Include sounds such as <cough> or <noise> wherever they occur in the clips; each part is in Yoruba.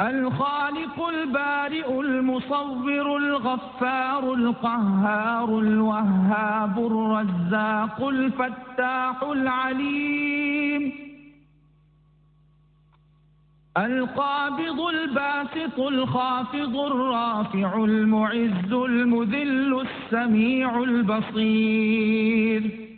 الخالق البارئ المصور الغفار القهار الوهاب الرزاق الفتاح العليم القابض الباسط الخافض الرافع المعز المذل السميع البصير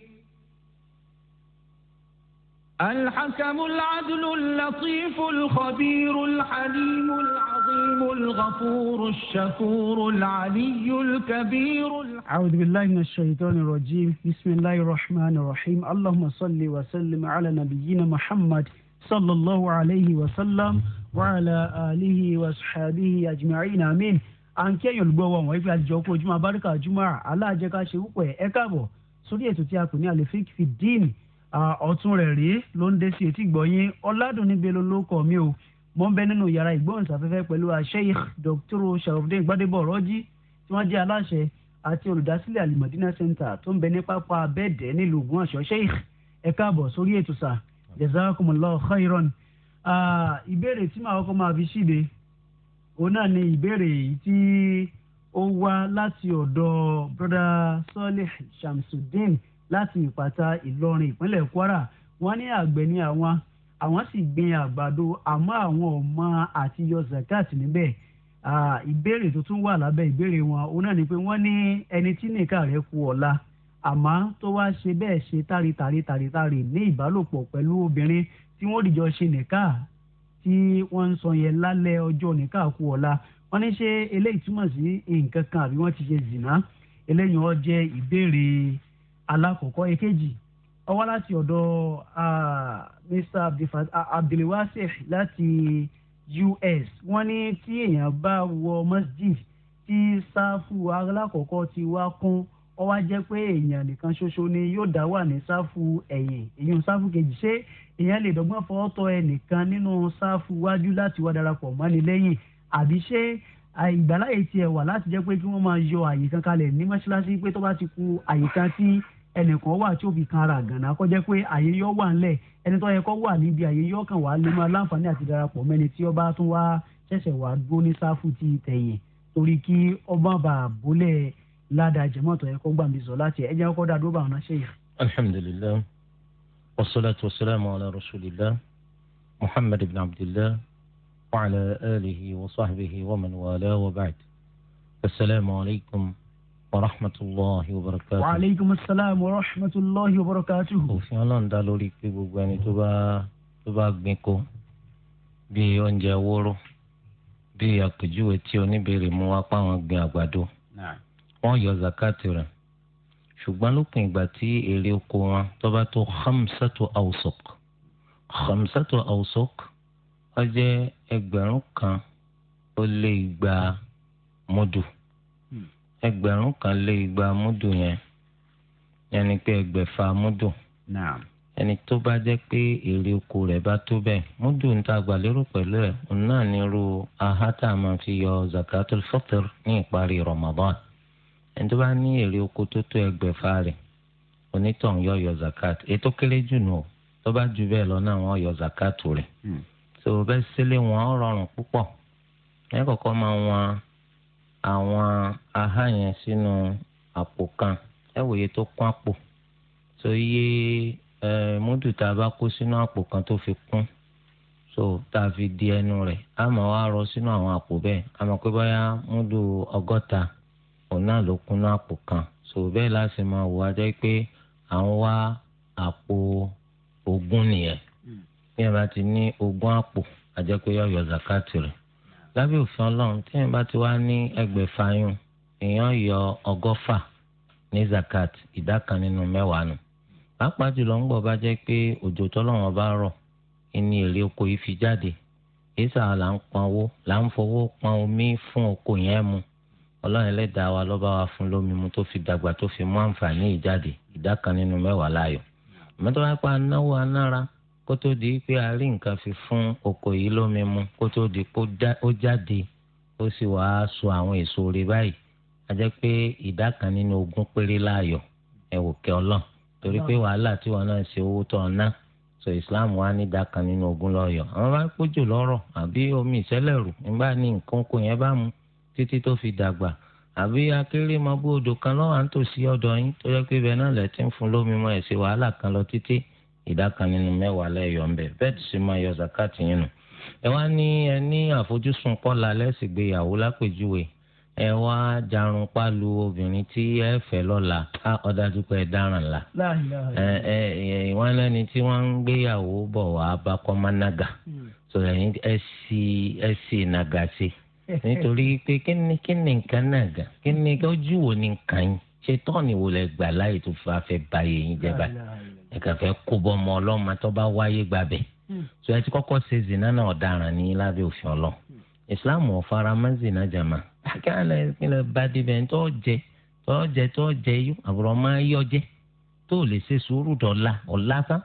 الحكم العدل اللطيف الخبير الحليم العظيم الغفور الشكور العلي الكبير أعوذ بالله من الشيطان الرجيم بسم الله الرحمن الرحيم اللهم صل وسلم على نبينا محمد صلى الله عليه وسلم وعلى آله وصحبه أجمعين آمين أنك kí ẹ̀yin olùgbọ́ جمع بركة جمع àjọ جكاشي ojúmọ́ إكابو jùmọ̀ aláàjẹká ṣe فيك في الدين ọ̀tún rẹ̀ rèé ló ń dé sí etí gbọ̀nyìn ọ̀làdùnní belo ló kọ̀ o mo ń bẹ nínú yàrá ìgbóhùnsáfẹ́fẹ́ pẹ̀lú Sheikh Dr. Sharafdin Gbadebo Rọ́jí tí wọ́n jẹ́ aláṣẹ àti olùdásílẹ̀ Alimadina Center tó ń bẹ ní pápá abẹ́ẹ̀dẹ́ nílùú Ògbómọ̀ṣọ́ Sheikh ẹ káàbọ̀ sórí ètò sà jazakumullahu khairan ìbéèrè tí màá kọ́ máa fi ṣíde òun náà ni ìbéèrè yìí tí ó wá láti ọ̀dọ̀ brother Solih Shamsuddin láti ìpàtà ìlọrin ìpínlẹ̀ kwara wọ́n ní àgbẹ̀ ní àwọn àwọn sì gbin àgbàdo àmọ́ àwọn ò mọ àti yọ zakat níbẹ̀ ìbéèrè tó tún wà lábẹ́ ìbéèrè wọn òun náà ni pé wọ́n ní ẹni tí nìka rẹ̀ kú ọ̀la àmọ́ tó wá ṣe bẹ́ẹ̀ ṣe tari tari tari tari ní ìbálòpọ̀ pẹ̀lú obìnrin tí wọ́n dìjọ ṣe nìka tí wọ́n ń sọ yẹn lálẹ́ ọjọ́ nìka kú ọ̀la wọ́n ní ṣe eléyìí túmọ̀ sí nǹkan kan àbí wọ́n ti ṣe zìnà eléyìí wọ́n jẹ́ ìbéèrè Alakoko ekeji, ó wá láti Mr Abdulwasif lati US wọ́n ní tí èèyàn bá wọ masjid tí sáfù alákọ̀ọ́kọ́ ti wá kún ó wá jẹ́ pé èèyàn nìkan ṣoṣo ni yóò dá wà ní sáfù ẹ̀yìn èèyàn sáfù kejì ṣé èèyàn lè dọ́gbọ́n fọwọ́ tọ ẹnìkan nínú sáfù wájú láti wá darapọ̀ mọ́ni lẹ́yìn àbí ṣé ìgbàláyè tiẹ̀ wà láti jẹ́ pé kí wọ́n máa yọ àyè kan ní mọ́ṣáláṣí pé tó bá ti ku àyè tí ẹnìkan wà tí ó fi kan ara àgànná kọjá pé àyè yọ wà ńlẹ̀ ẹni tó yẹ kó wà níbi àyè yọ kàn wá lè máa láǹfààní àti darapọ̀ mẹ́ni tí ọba tún wá ṣẹ̀ṣẹ̀ wá dúró ní sáfù ti tẹ̀yìn torí kí ọba bàá bólẹ̀ ládàá jẹ́mọ̀tò yẹ kó gbà mí sọ láti ẹ̀ jẹ́ kó dá dúró bá wọn ṣe yà. alhamdulilayi wasalaatu wasalaamu ala rasulillah muhammad ibn abdillah wa ala alihi wa sahbihi wa man wala wa ba'd asalaamu alaykum. As warahmatulahi wabarakatuh. wa aleykum salaam wa rahmatulahi wa barakatuh. òfin ọlọ́run dá lórí pé gbogbo ẹni tó bá tó bá gbin kó bíi oúnjẹ wóró bíi àpèjúwe tí oníbèrè mú wá páwọn gbin àgbàdo wọ́n yọ zakati rẹ̀ ṣùgbọ́n lópin ìgbà tí èrè oko wọn tó tó hamsatu awsok hamsatu awsok ó jẹ́ kan ó lé igba mọ́dù. ẹgbẹ̀rún kan lé igba múdù yẹn yẹn egbefa pé ẹgbẹ̀fà múdù. ẹni tó bá jẹ́ pé èrè oko rẹ̀ bá tó bẹ́ẹ̀ múdù ń ta gbàlérò pẹ̀lú ẹ̀ òun náà ní irú ahátà máa fi yọ zakatul fitr ní ìparí Ramadan ẹni tó bá ní èrè oko tó tó ẹgbẹ̀fà rẹ̀ onítàn yọ yọ zakat ètò kéré jù nù tó bá ju bẹ́ẹ̀ lọ náà wọ́n yọ zakat rẹ̀ tó hmm. bẹ́ẹ̀ àwọn aha yẹn sínú àpò kan ẹ wòye tó kún àpò tó yé múdù tá a bá kó sínú àpò kan tó fi kún so tá a fi di ẹnu rẹ̀ a máa wá rọ sínú àwọn àpò bẹ́ẹ̀ a máa pé báyà múdù ọgọta òun náà ló àpò kan so bẹ́ẹ̀ láti máa wò ajẹ́ pé à ń wá àpò ogún nìyẹn hmm. bí ẹ bá ti ní ogún àpò yọ yọ zakati lábẹ́ òfin ọlọ́run tí èèyàn bá ti wá ní ẹgbẹ̀fà yùn èèyàn yọ ọgọ́fà ní zakat ìdá kan nínú mẹ́wàá nù pàápàá jùlọ ń gbọ́ bá jẹ́ pé òjò tọ́lọ́wọ́n bá rọ̀ ìní èrè oko yìí fi jáde èsà là ń pọn owó là ń fowó pọn omi fún oko yẹn mu ọlọ́run ẹlẹ́dàá wa lọ́ba wa fún lómi mu tó fi dàgbà tó fi mú àǹfààní ìjáde ìdá kan nínú mẹ́wàá láàyò mẹ́tọ́ wá pa anáwó anára kó tó di pé a rí nǹkan fi fún oko yìí lómi mu kó tó di pé ó jáde ó sì wàá so àwọn èso rẹ̀ báyìí a jẹ́ pé ìdá kan nínú ogún péré láàyò ẹ wò kẹ́ ọlọ́n torí pé wàhálà tí wọn náà ṣe owó tó ọ̀nà so Islam wa ní ìdá kan nínú ogún lọ́yọ̀ àwọn bá pójò lọ́rọ̀ àbí omi ìṣẹ̀lẹ̀rù nígbà ní nǹkan kò yẹn bá mu títí tó fi dàgbà àbí akéré máa bú odò kan lọ́wọ́ à ń tòsí ọ̀dọ̀ yín tó yẹ pé ibẹ̀ náà lẹ́tí ń fún lómi mọ́ ẹ̀ wàhálà kan lọ títí ìdá kan nínú mẹ́wàá lẹ́yọ̀ ńbẹ bẹ́ẹ̀ ti ṣe máa yọ zakati yín nù. ẹ wá ní ẹ ní àfojúsùn kọ́la lẹ́sìn gbéyàwó lápèjúwe ẹ wá jarun pálu obìnrin tí ẹ fẹ́ lọ́la á ọ̀dájú pé ẹ dáràn la. ẹ ẹ ìwọ́n lẹ́ni tí wọ́n ń gbéyàwó bọ̀ wá bá kọ́ máa nàgà hmm. sọ̀rọ̀ ẹ̀yìn ẹ sì ẹ sì nàgà sí <laughs> nítorí pé kí ni kí ni nǹkan nàgà kí ni ojú wo ni nǹkan yín ṣe tọ́ọ̀nì wo lẹ gbà láyè tó fà fẹ́ báyé yín jẹ́ báyìí ẹ̀ka fẹ́ kó bọ́ ọmọ ọlọ́mọ tó bá wáyé gbàbẹ̀ hmm. so ẹ ti kọ́kọ́ ṣe zina náà ọ̀daràn ní lábẹ́ òfin ọlọ́ hmm. ìsìláàmù ọ̀fara máa ń zina jàmá akẹ́lẹ́ ìpínlẹ̀ badibẹ̀ tó jẹ tó jẹ tó jẹ yó àbúrò máa yọ jẹ tó lè ṣe sùúrù dọ̀la ọ̀la tán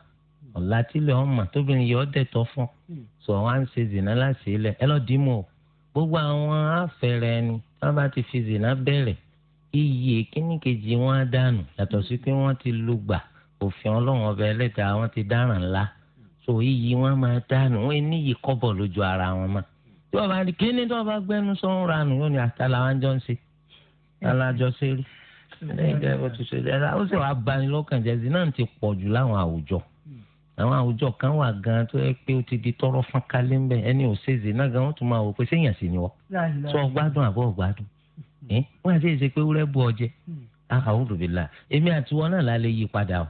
ọ̀la tílẹ̀ ọmọ tóbìnrin yọ ọ́ dẹ̀ tọ́ fún hmm. so wọ́n á ń ṣe zina láti ilẹ̀ ẹ lọ́ọ́ iye kíníkejì wọn á dànù yàtọ̀ sí pé òfin ọlọ́run ọba ẹlẹ́dàá wọn ti dáràn ńlá so iyì wọn máa dànù wọn níyì kọ́bọ̀ lójú ara wọn mọ́ tí wọn bá ní kíni tí wọn bá gbẹnu sọ̀rọ̀ ranù yóò ní àtàlà jọ ń ṣe alájọ ṣe rí bó ti ṣe dáadáa ó sì wàá bani lọ́kàn jẹ́ zina ti pọ̀ jù láwọn àwùjọ àwọn àwùjọ kan wà gan tó yẹ pé ó ti di tọrọ fún kálí ń bẹ ẹni ò ṣe zina gan wọn tún máa wò pé séèyàn sì ni wọ sọ gbádùn àbọ̀ gbádùn ẹ wọn àti èsè pé wúrẹ́ bu ọjẹ àhàwùdùbìlà hmm. èmi àti wọn náà la lè yí padà o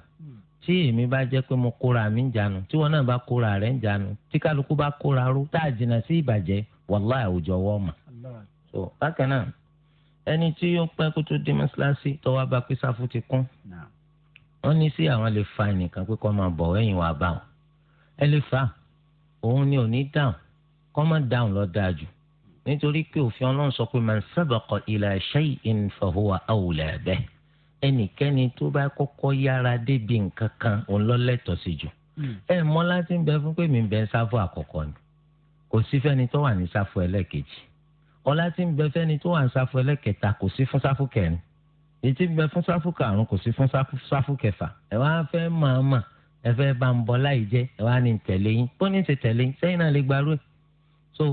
tí èmi bá jẹ́ pé mo kóra mi ń jánu tí wọn náà bá kóra rẹ̀ ń jánu tí kálukú bá kóra ró tá a jìnnà sí ìbàjẹ́ wàláì àwùjọ wọ́ọ̀ mà. so bákan náà ẹni tí ó pẹ́ kó tó dé mọ́ṣáláṣí tọ́wọ́ bá pé sáfù ti kún wọ́n ní sí àwọn lè fa ẹnìkan pé kó máa bọ̀ ẹ̀yìn wá bá wọn ẹ lè fa òun ni ò ní dáhùn kó má dáhùn lọ dáa jù nítorí pé òfin ọlọ́run sọ pé man sabaqa ila shay'in fahuwa awla ẹnikẹ́ni tó bá kọ́kọ́ yára débi nǹkan kan òun lọ́lẹ́tọ̀ sí jù hmm. ẹ mọ́ láti ń bẹ fún pé mi ń bẹ sáfù àkọ́kọ́ ni kò sí fẹ́ni tó wà ní sáfù ẹlẹ́ẹ̀kejì ọlá tí ń bẹ fẹ́ni tó wà ní sáfù ẹlẹ́ẹ̀kẹta kò sí fún sáfù kẹrin èyí tí ń bẹ fún sáfù karùn kò sí fún sáfù kẹfà ẹ wá fẹ́ máa mà ẹ fẹ́ bá ń bọ láì jẹ́ ẹ wá ní tẹ̀lé yín bó ní ṣe tẹ̀lé yín sẹ́yìn náà lè gbarú ẹ̀ so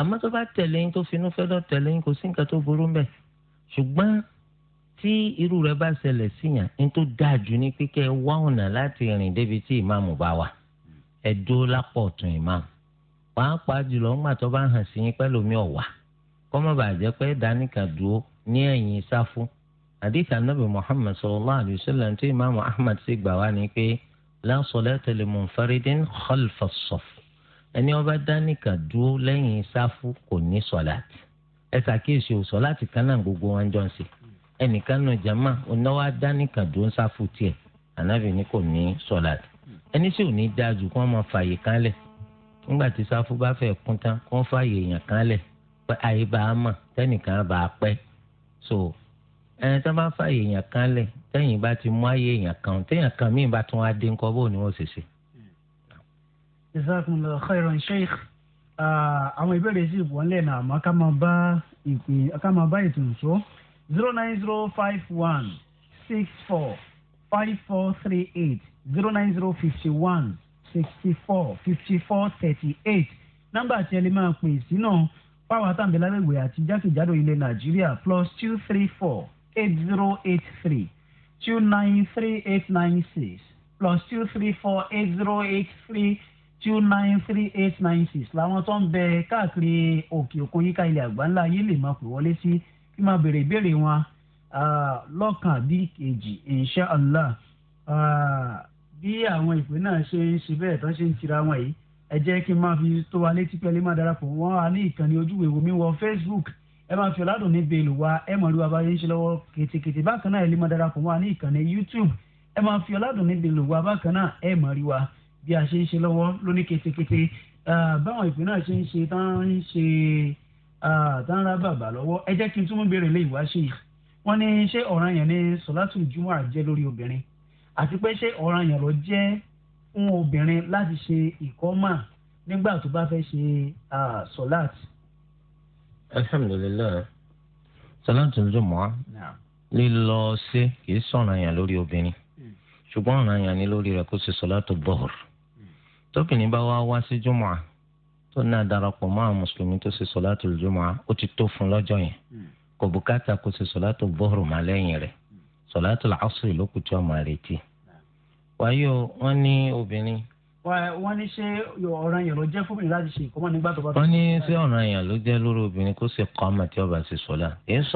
àmọ́ tó bá tẹ̀lé yín tó finú fẹ́ lọ tẹ̀lé yín kò sí nǹkan tó burú mbẹ̀ ṣùgbọ́n tí irú rẹ̀ bá ṣẹlẹ̀ síyàn ní tó dáa jù ní pé kẹ́ ẹ wá ọ̀nà láti rìn débi tí ìmáàmù bá wà ẹ dúró lápò ọ̀tún ìmáàmù pàápàá jùlọ ńgbà tó bá hàn sí yín pẹ́lómi ọ̀wà kọ́mọ́ bàjẹ́ pé dáníkà dúró ní ẹ̀yìn sáfù àdìsí anábì muhammed sallallahu alayhi wa sallam tí imaamu ahmed sì gbà wá ní pé la salata li munfaridin ẹni ó dáníkà dúró lẹ́yìn sáfù kò ní sọ̀láàtì ẹ ò sọ̀láàtì kan náà gbogbo wọn jọ ń sè ẹnìkan nù jama onáwó adánìkan dó ń sáfù tiẹ̀ ànábì ni kò ní sọ̀làt ẹni sì ò ní dáa jù kó máa fààyè kan lẹ̀ nígbà tí sáfù bá fẹ́ kún tán kó ń fààyè èèyàn kan pé àyè bá a mọ̀ tẹ́nìkan bá a pẹ́ so ẹni tó bá fààyè èèyàn kan lẹ̀ tẹ́yìn bá ti mú àyè èèyàn kan téèyàn kan míì bá tún wá dé ńkọ́ bó ni wọ́n ṣe ṣe. jazakumullahu khairan sheikh ah, àwọn ìbéèrè sì wọ́n lẹ̀ náà àmọ́ ká máa bá ètò ìṣó zero nine zero five one six four five four three eight zero nine zero fifty one sixty four fifty four thirty eight nọ́mbà tí ẹ lè máa pè sí náà fáwọn àtàǹdẹ̀láwẹ̀wẹ̀ àti jákèjádò ilẹ̀ nàìjíríà plus two three four eight zero eight three two nine three eight nine six plus two three four eight zero eight three two nine three eight nine six làwọn tó ń bẹ káàkiri òkè òkun yíká ilẹ̀ àgbáńlá yìí lè máa pè wọlé sí. Si kí máa béèrè ìbéèrè wọn lọ́kàn bí kejì insha allah bí àwọn ìpè náà ṣe ń ṣe bẹ́ẹ̀ tó ṣe ń tira wọn yìí ẹ jẹ́ kí n máa fi tó wa létí pẹ́ẹ́lí máa darapọ̀ wọ́n á ní ìkànnì ojúwe wo wọ facebook ẹ máa fi ọ̀làdùn ní bẹ́ẹ̀lù wa ẹ mọ̀ rí wa bá yẹn ń ṣe lọ́wọ́ kètèkètè bákan náà ẹ lè máa darapọ̀ wọ́n á ní ìkànnì youtube ẹ máa fi ọ̀làdùn ní bẹ́ẹ̀lù wa bákan náà ẹ mọ̀ rí wa bí a ṣe ń ṣe lọ́wọ́ lóní kètèkètè báwọn ìpè náà ṣe ń ṣe tán ń ṣe tàǹrà bàbà lọ́wọ́ ẹ jẹ́ kí n túnmọ̀ béèrè lè wá ṣe wọ́n ní ṣé ọ̀ràn yẹn ní sọ́látù júmọ̀ àjẹ́ lórí obìnrin àti pé ṣé ọ̀ràn yẹn lọ jẹ́ fún obìnrin láti ṣe ìkọ́mà nígbà tó bá fẹ́ ṣe sọ́lát. alhamdulilayi sọ́látù júmọ̀ lílọ sí kì í sọ̀ràn yẹn lórí obìnrin hmm. ṣùgbọ́n ọ̀ràn yẹn ní lórí rẹ̀ kó ṣe sọ́látù bọ́ọ̀rù hmm. tóbìnrin bá wá wá sí júmọ̀ tó náà darapọ̀ mọ́ àwọn mùsùlùmí tó ṣe sọ̀látù jùmọ̀ ó ti tó fún lọ́jọ́ yẹn hmm. kò bùkátà kó ṣe sọ̀látù bọ́ọ̀rù má lẹ́yìn rẹ̀ hmm. sọ̀látù làásùrì ló kù tí wọ́n máa retí. Hmm. wáyé o wọ́n ní obìnrin. wọ́n ní ṣé ọ̀ràn yẹn ló jẹ́ fún mi láti ṣe ìkọ́mọ́ nígbà tó bá. wọ́n ní ṣé ọ̀ràn yẹn ló jẹ́ lórí obìnrin kó ṣe kọ́ ọmọ tí ọba ṣe sọ̀lá èyí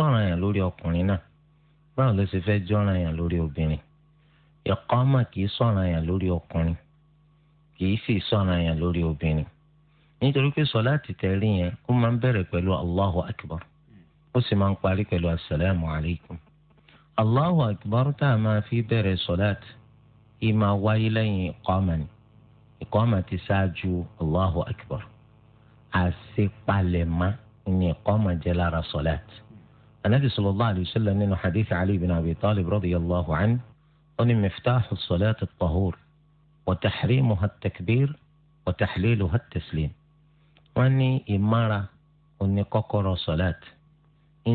kì í sọ̀ràn yẹn lórí obìnrin nítorí pé sọláàtì tẹ̀rí yẹn ó máa ń bẹ̀rẹ̀ pẹ̀lú allahu akbar ó sì máa ń parí pẹ̀lú asalaamu alaykum allahu akbar tá a máa fi bẹ̀rẹ̀ sọláàtì yìí máa wáyé lẹ́yìn ìkọ́mà ni ìkọ́mà ti ṣáájú allahu akbar àṣepalẹ̀má ni ìkọ́mà jẹ́ lára sọláàtì anabi sallallahu alayhi wa sallam nínú hadith ali bin abi talib radiyallahu anhu ó ní miftaḥu sọláàtì tahur wa taḥrimuha takbir wa taḥliluha wọ́n ní ìmára òní kọ́kọ́rọ́ sọ̀láàtì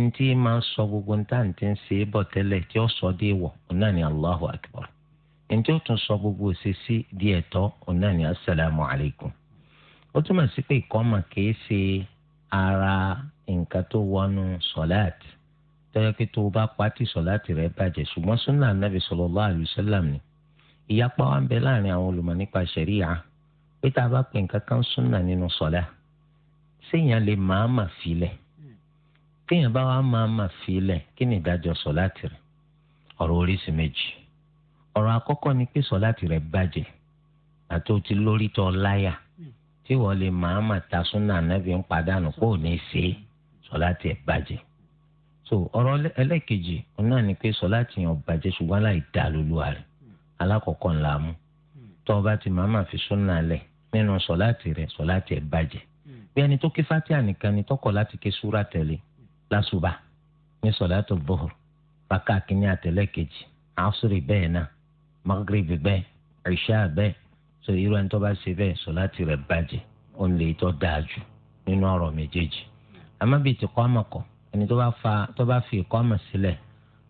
ntí máa sọ gbogbo ntáǹtí ń ṣe é bọ̀ tẹ́lẹ̀ tí ó sọ dé wọ̀ ọ̀nà ni allahu akbar ntí tún sọ gbogbo òṣèṣì di ẹ̀tọ́ ọ̀nà ni asalaamu alaykum ó túmọ̀ sí pé ìkọ́mà kìí ṣe ara nǹkan tó wọnú sọ̀láàtì tọ́jà pé tó o bá pàtì sọ̀láàtì rẹ̀ bàjẹ́ ṣùgbọ́n sunnah anabi ni ìyapa wa ń bẹ láàrin àwọn olùmọ̀ nípa pé séèyàn lè máa mà filẹ̀ téèyàn bá wàá máa mà filẹ̀ kí ni ìdájọ́ sọ̀láàtì rẹ̀ ọ̀rọ̀ oríṣi méjì ọ̀rọ̀ àkọ́kọ́ ni pé sọ̀láàtì rẹ̀ bàjẹ́ àti o ti lórí tọ́ láyà tí wọ́n lè máa mà ta súnà ànábì ń padànù kó o ní ṣe é sọ̀láàtì ẹ̀ bàjẹ́ so ọ̀rọ̀ ẹlẹ́kejì náà ni pé sọ̀láàtì yẹn ò bàjẹ́ ṣùgbọ́n láì dá lóluwa rẹ̀ alákọ̀ọ́kọ́ ńlá mú tọ́ ọ bá ti máa fi súnà lẹ̀ nínú sọ̀láàtì rẹ̀ sọ̀láàtì ẹ̀ bàjẹ́ bí ẹni tó ké fatia nìkan ni tọkọ láti ké súra tẹ̀lé lásùbà ní sọ̀dátù bọ́ọ̀rù bàkà kínní àtẹ̀lẹ́ kejì àásùrì bẹ́ẹ̀ náà magrebi bẹ́ẹ̀ ìṣá bẹ́ẹ̀ sọ irú ẹni tó bá ṣe bẹ́ẹ̀ sọ̀láti rẹ̀ bàjẹ́ òun lè tọ́ dáa jù nínú ọ̀rọ̀ méjèèjì àmọ́ bíi ti kọ́mọ̀ kọ ẹni tó bá fa tó bá fi kọ́mọ̀ sílẹ̀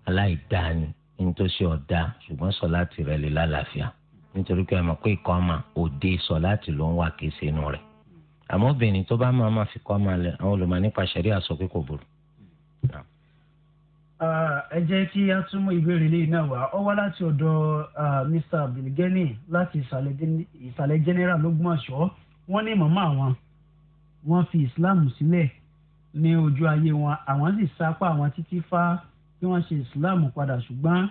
aláìdáni ní tó ṣe ọ̀dà ṣùgbọ́n sọ̀láti rẹ̀ lè lálàáfíà nítorí pé ẹ pé ìkọ́mọ̀ òde sọ̀láti ló ń wà kéṣe inú rẹ̀ àmọ́ obìnrin tó bá máa máa fi kọ́ máa lẹ̀ àwọn olùmọ̀ nípa ṣẹ̀rí àsọ pé kò burú. ẹ jẹ́ kí a tún mú ìbéèrè lè náà wá ọ wá láti ọ̀dọ̀ Mr Abdulgani láti ìsàlẹ̀ general lógúnmọ̀ṣọ́ wọ́n ní màmá àwọn wọ́n fi Islam sílẹ̀ ní ojú ayé wọn àwọn sì sápá àwọn títí fá kí wọ́n ṣe Islam padà ṣùgbọ́n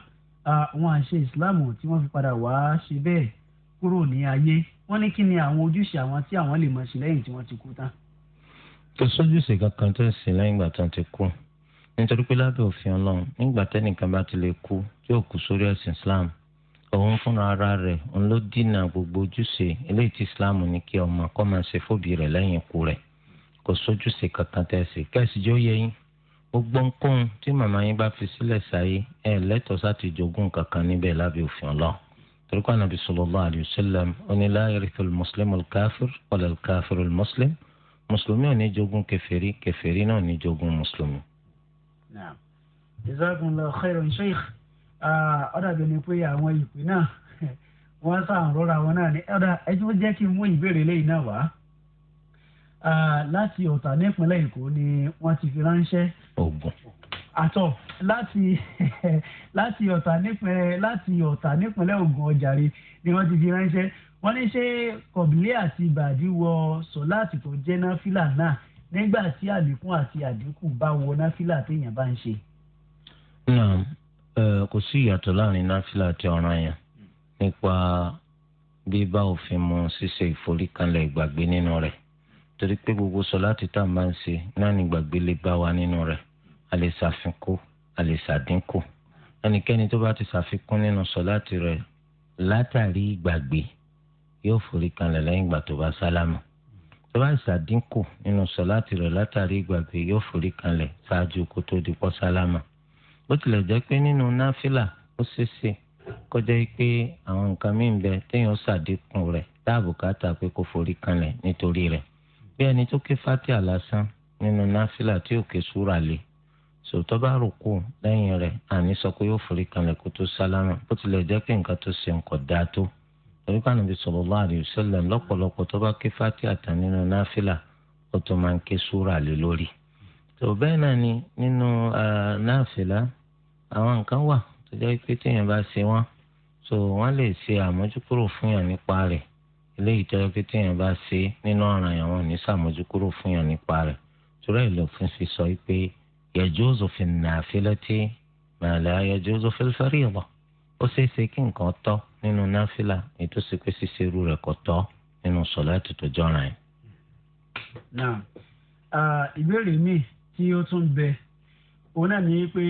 wọn à Islam tí wọ́n fi padà wá ṣe bẹ́ẹ̀ kúrò ní ayé wọ́n ní kí ni àwọn ojúṣe àwọn tí àwọn lè máa ṣe lẹ́yìn tí wọ́n ti kú tán. kò sójúṣe kankan tó ń sìn lẹ́yìn ìgbà tó ń ti kú nítorí pé lábẹ́ òfin ọlọ́run nígbà tẹ́nìkan bá ti lè kú tí ò kú sórí ẹ̀sìn islam òun fúnra ara rẹ̀ òun ló dínà gbogbo ojúṣe eléyìí tí islam ní kí ọmọ kọ́ máa ṣe fóbi rẹ̀ lẹ́yìn ikú rẹ̀ kò sójúṣe kankan tẹ́ ṣe kẹ́sì jẹ́ ó yẹ yín gbogbo nǹkan tí màmá yín bá fi sílẹ̀ sáyé ẹ̀ lẹ́tọ̀ọ́ sá ti jogún kankan níbẹ̀ lábẹ́ òfin ọlọ́run toríko anabi sallallahu alayhi wa sallam oní la yarithu al-muslimu al-kafir wala al-kafiru al-muslim mùsùlùmí ò ní jogún kèfèrí kèfèrí náà ò ní jogún mùsùlùmí. jazakumullahu khairan sheikh ọ̀dàbẹ̀ ni pé àwọn ìpín náà wọ́n sàn rọra wọn náà ní ọ̀dà ẹjọ́ jẹ́ kí n mú ìbéèrè lẹ́yìn náà wá láti ọ̀tà nípínlẹ̀ èkó ni wọ́n ti fi ránṣẹ́. ogun àtọ̀ láti <laughs> láti ọ̀tà nípínlẹ̀ láti ọ̀tà nípínlẹ̀ Ògùn ọ̀jàre ni wọ́n ti fi ránṣẹ́ wọ́n ní ṣé kọ̀bílẹ̀ àti ìbàdí wọ sọ̀láàtì tó jẹ́ náfìlà náà nígbà tí àlékún àti àdínkù bá wọ náfìlà téèyàn bá ń ṣe. kò sí ìyàtọ̀ láàrin náfìlà àti ọ̀ràn yẹn nípa bí bá òfin mu ṣíṣe ìforíkanlẹ̀ ìgbàgbé nínú rẹ̀ torí pé gbogbo sọ̀láàtì tá a máa ń ṣe náà ní ìgbàgbé lè bá wa nínú rẹ̀ a lè ṣàfikún a lè ṣàdínkù ẹnikẹ́ni tó bá ti ṣàfikún nínú sọ̀láàtì rẹ̀ látàrí ìgbàgbé yóò forí kanlẹ̀ lẹ́yìn ìgbà tó bá sálámù tó bá ṣàdínkù nínú sọ̀láàtì rẹ̀ látàrí ìgbàgbé yóò forí kanlẹ̀ ṣáájú kó tó di pọ́ sálámù bó tilẹ̀ jẹ́ pé nínú náfìlà ó ṣeéṣe kọjá pé àwọn nǹkan míì ń bẹ téèyàn ṣàdínkù rẹ̀ táàbù káàtà pé kó forí kanlẹ̀ nítorí rẹ̀ bí ẹni tó ké fatiha lásán nínú náfìlà tí ò súrà lé sòtọ́ bá rò kù lẹ́yìn rẹ̀ àní sọ pé yóò forí kanlẹ̀ kó tó sálámà bó tilẹ̀ jẹ́ pé nǹkan tó ṣe nǹkan dáa tó torí pé ànàbì sallallahu alaihi wasallam lọ́pọ̀lọpọ̀ tó bá ké Fatiha tán nínú náfìlà ó tó máa ń ké súrà lé lórí. tó bẹ́ẹ̀ náà ni nínú náfìlà àwọn nǹkan wà tó jẹ́ pé téèyàn bá ṣe wọ́n so wọ́n lè ṣe àmójúkúrò fún yàn nípa rẹ̀ eléyìí tó jẹ́ pé téèyàn yajuzu fi nàfilati ma la yajuzu fil fariida ó ṣeé ṣe kí nǹkan tọ́ nínú náfìlà ètò ìsìnkú ṣíṣe irú rẹ̀ kò tọ́ nínú sọ̀láàtì tó jọra yẹn. náà ìbéèrè mi tí ó tún bẹ òun náà ní pé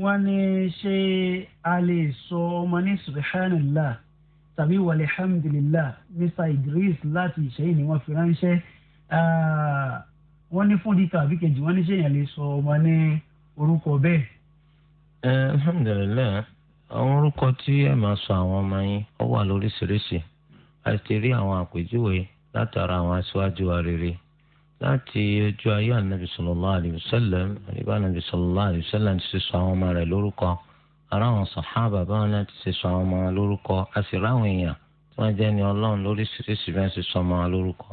wọ́n ní ṣé a lè sọ ọmọ ní subhanallah tàbí wàlẹ̀ hamdulillah mr idris láti ìṣẹ́yìn ni wọ́n fi ránṣẹ́ wọ́n ní fún dita àbí kejì wọ́n ní sèyàn lè sọ ọmọ ní orúkọ bẹ́ẹ̀. ẹ alhamdulilayi àwọn orúkọ tí ẹ máa sọ àwọn ọmọ yín ó wà lóríṣiríṣi a ti rí àwọn àpèjúwe látara àwọn aṣáájú wa rere láti ojú ayé anabi sallallahu alayhi wa sallam àdìbò anabi sallallahu alayhi wa ti sọ àwọn ọmọ rẹ̀ lórúkọ ara àwọn sàhábà báwọn náà ti sọ àwọn ọmọ lórúkọ a sì ráwọn èèyàn tí wọ́n jẹ́ ni Ọlọ́run lóríṣiríṣi bẹ́ẹ̀ ṣe sọ ọmọ lórúkọ.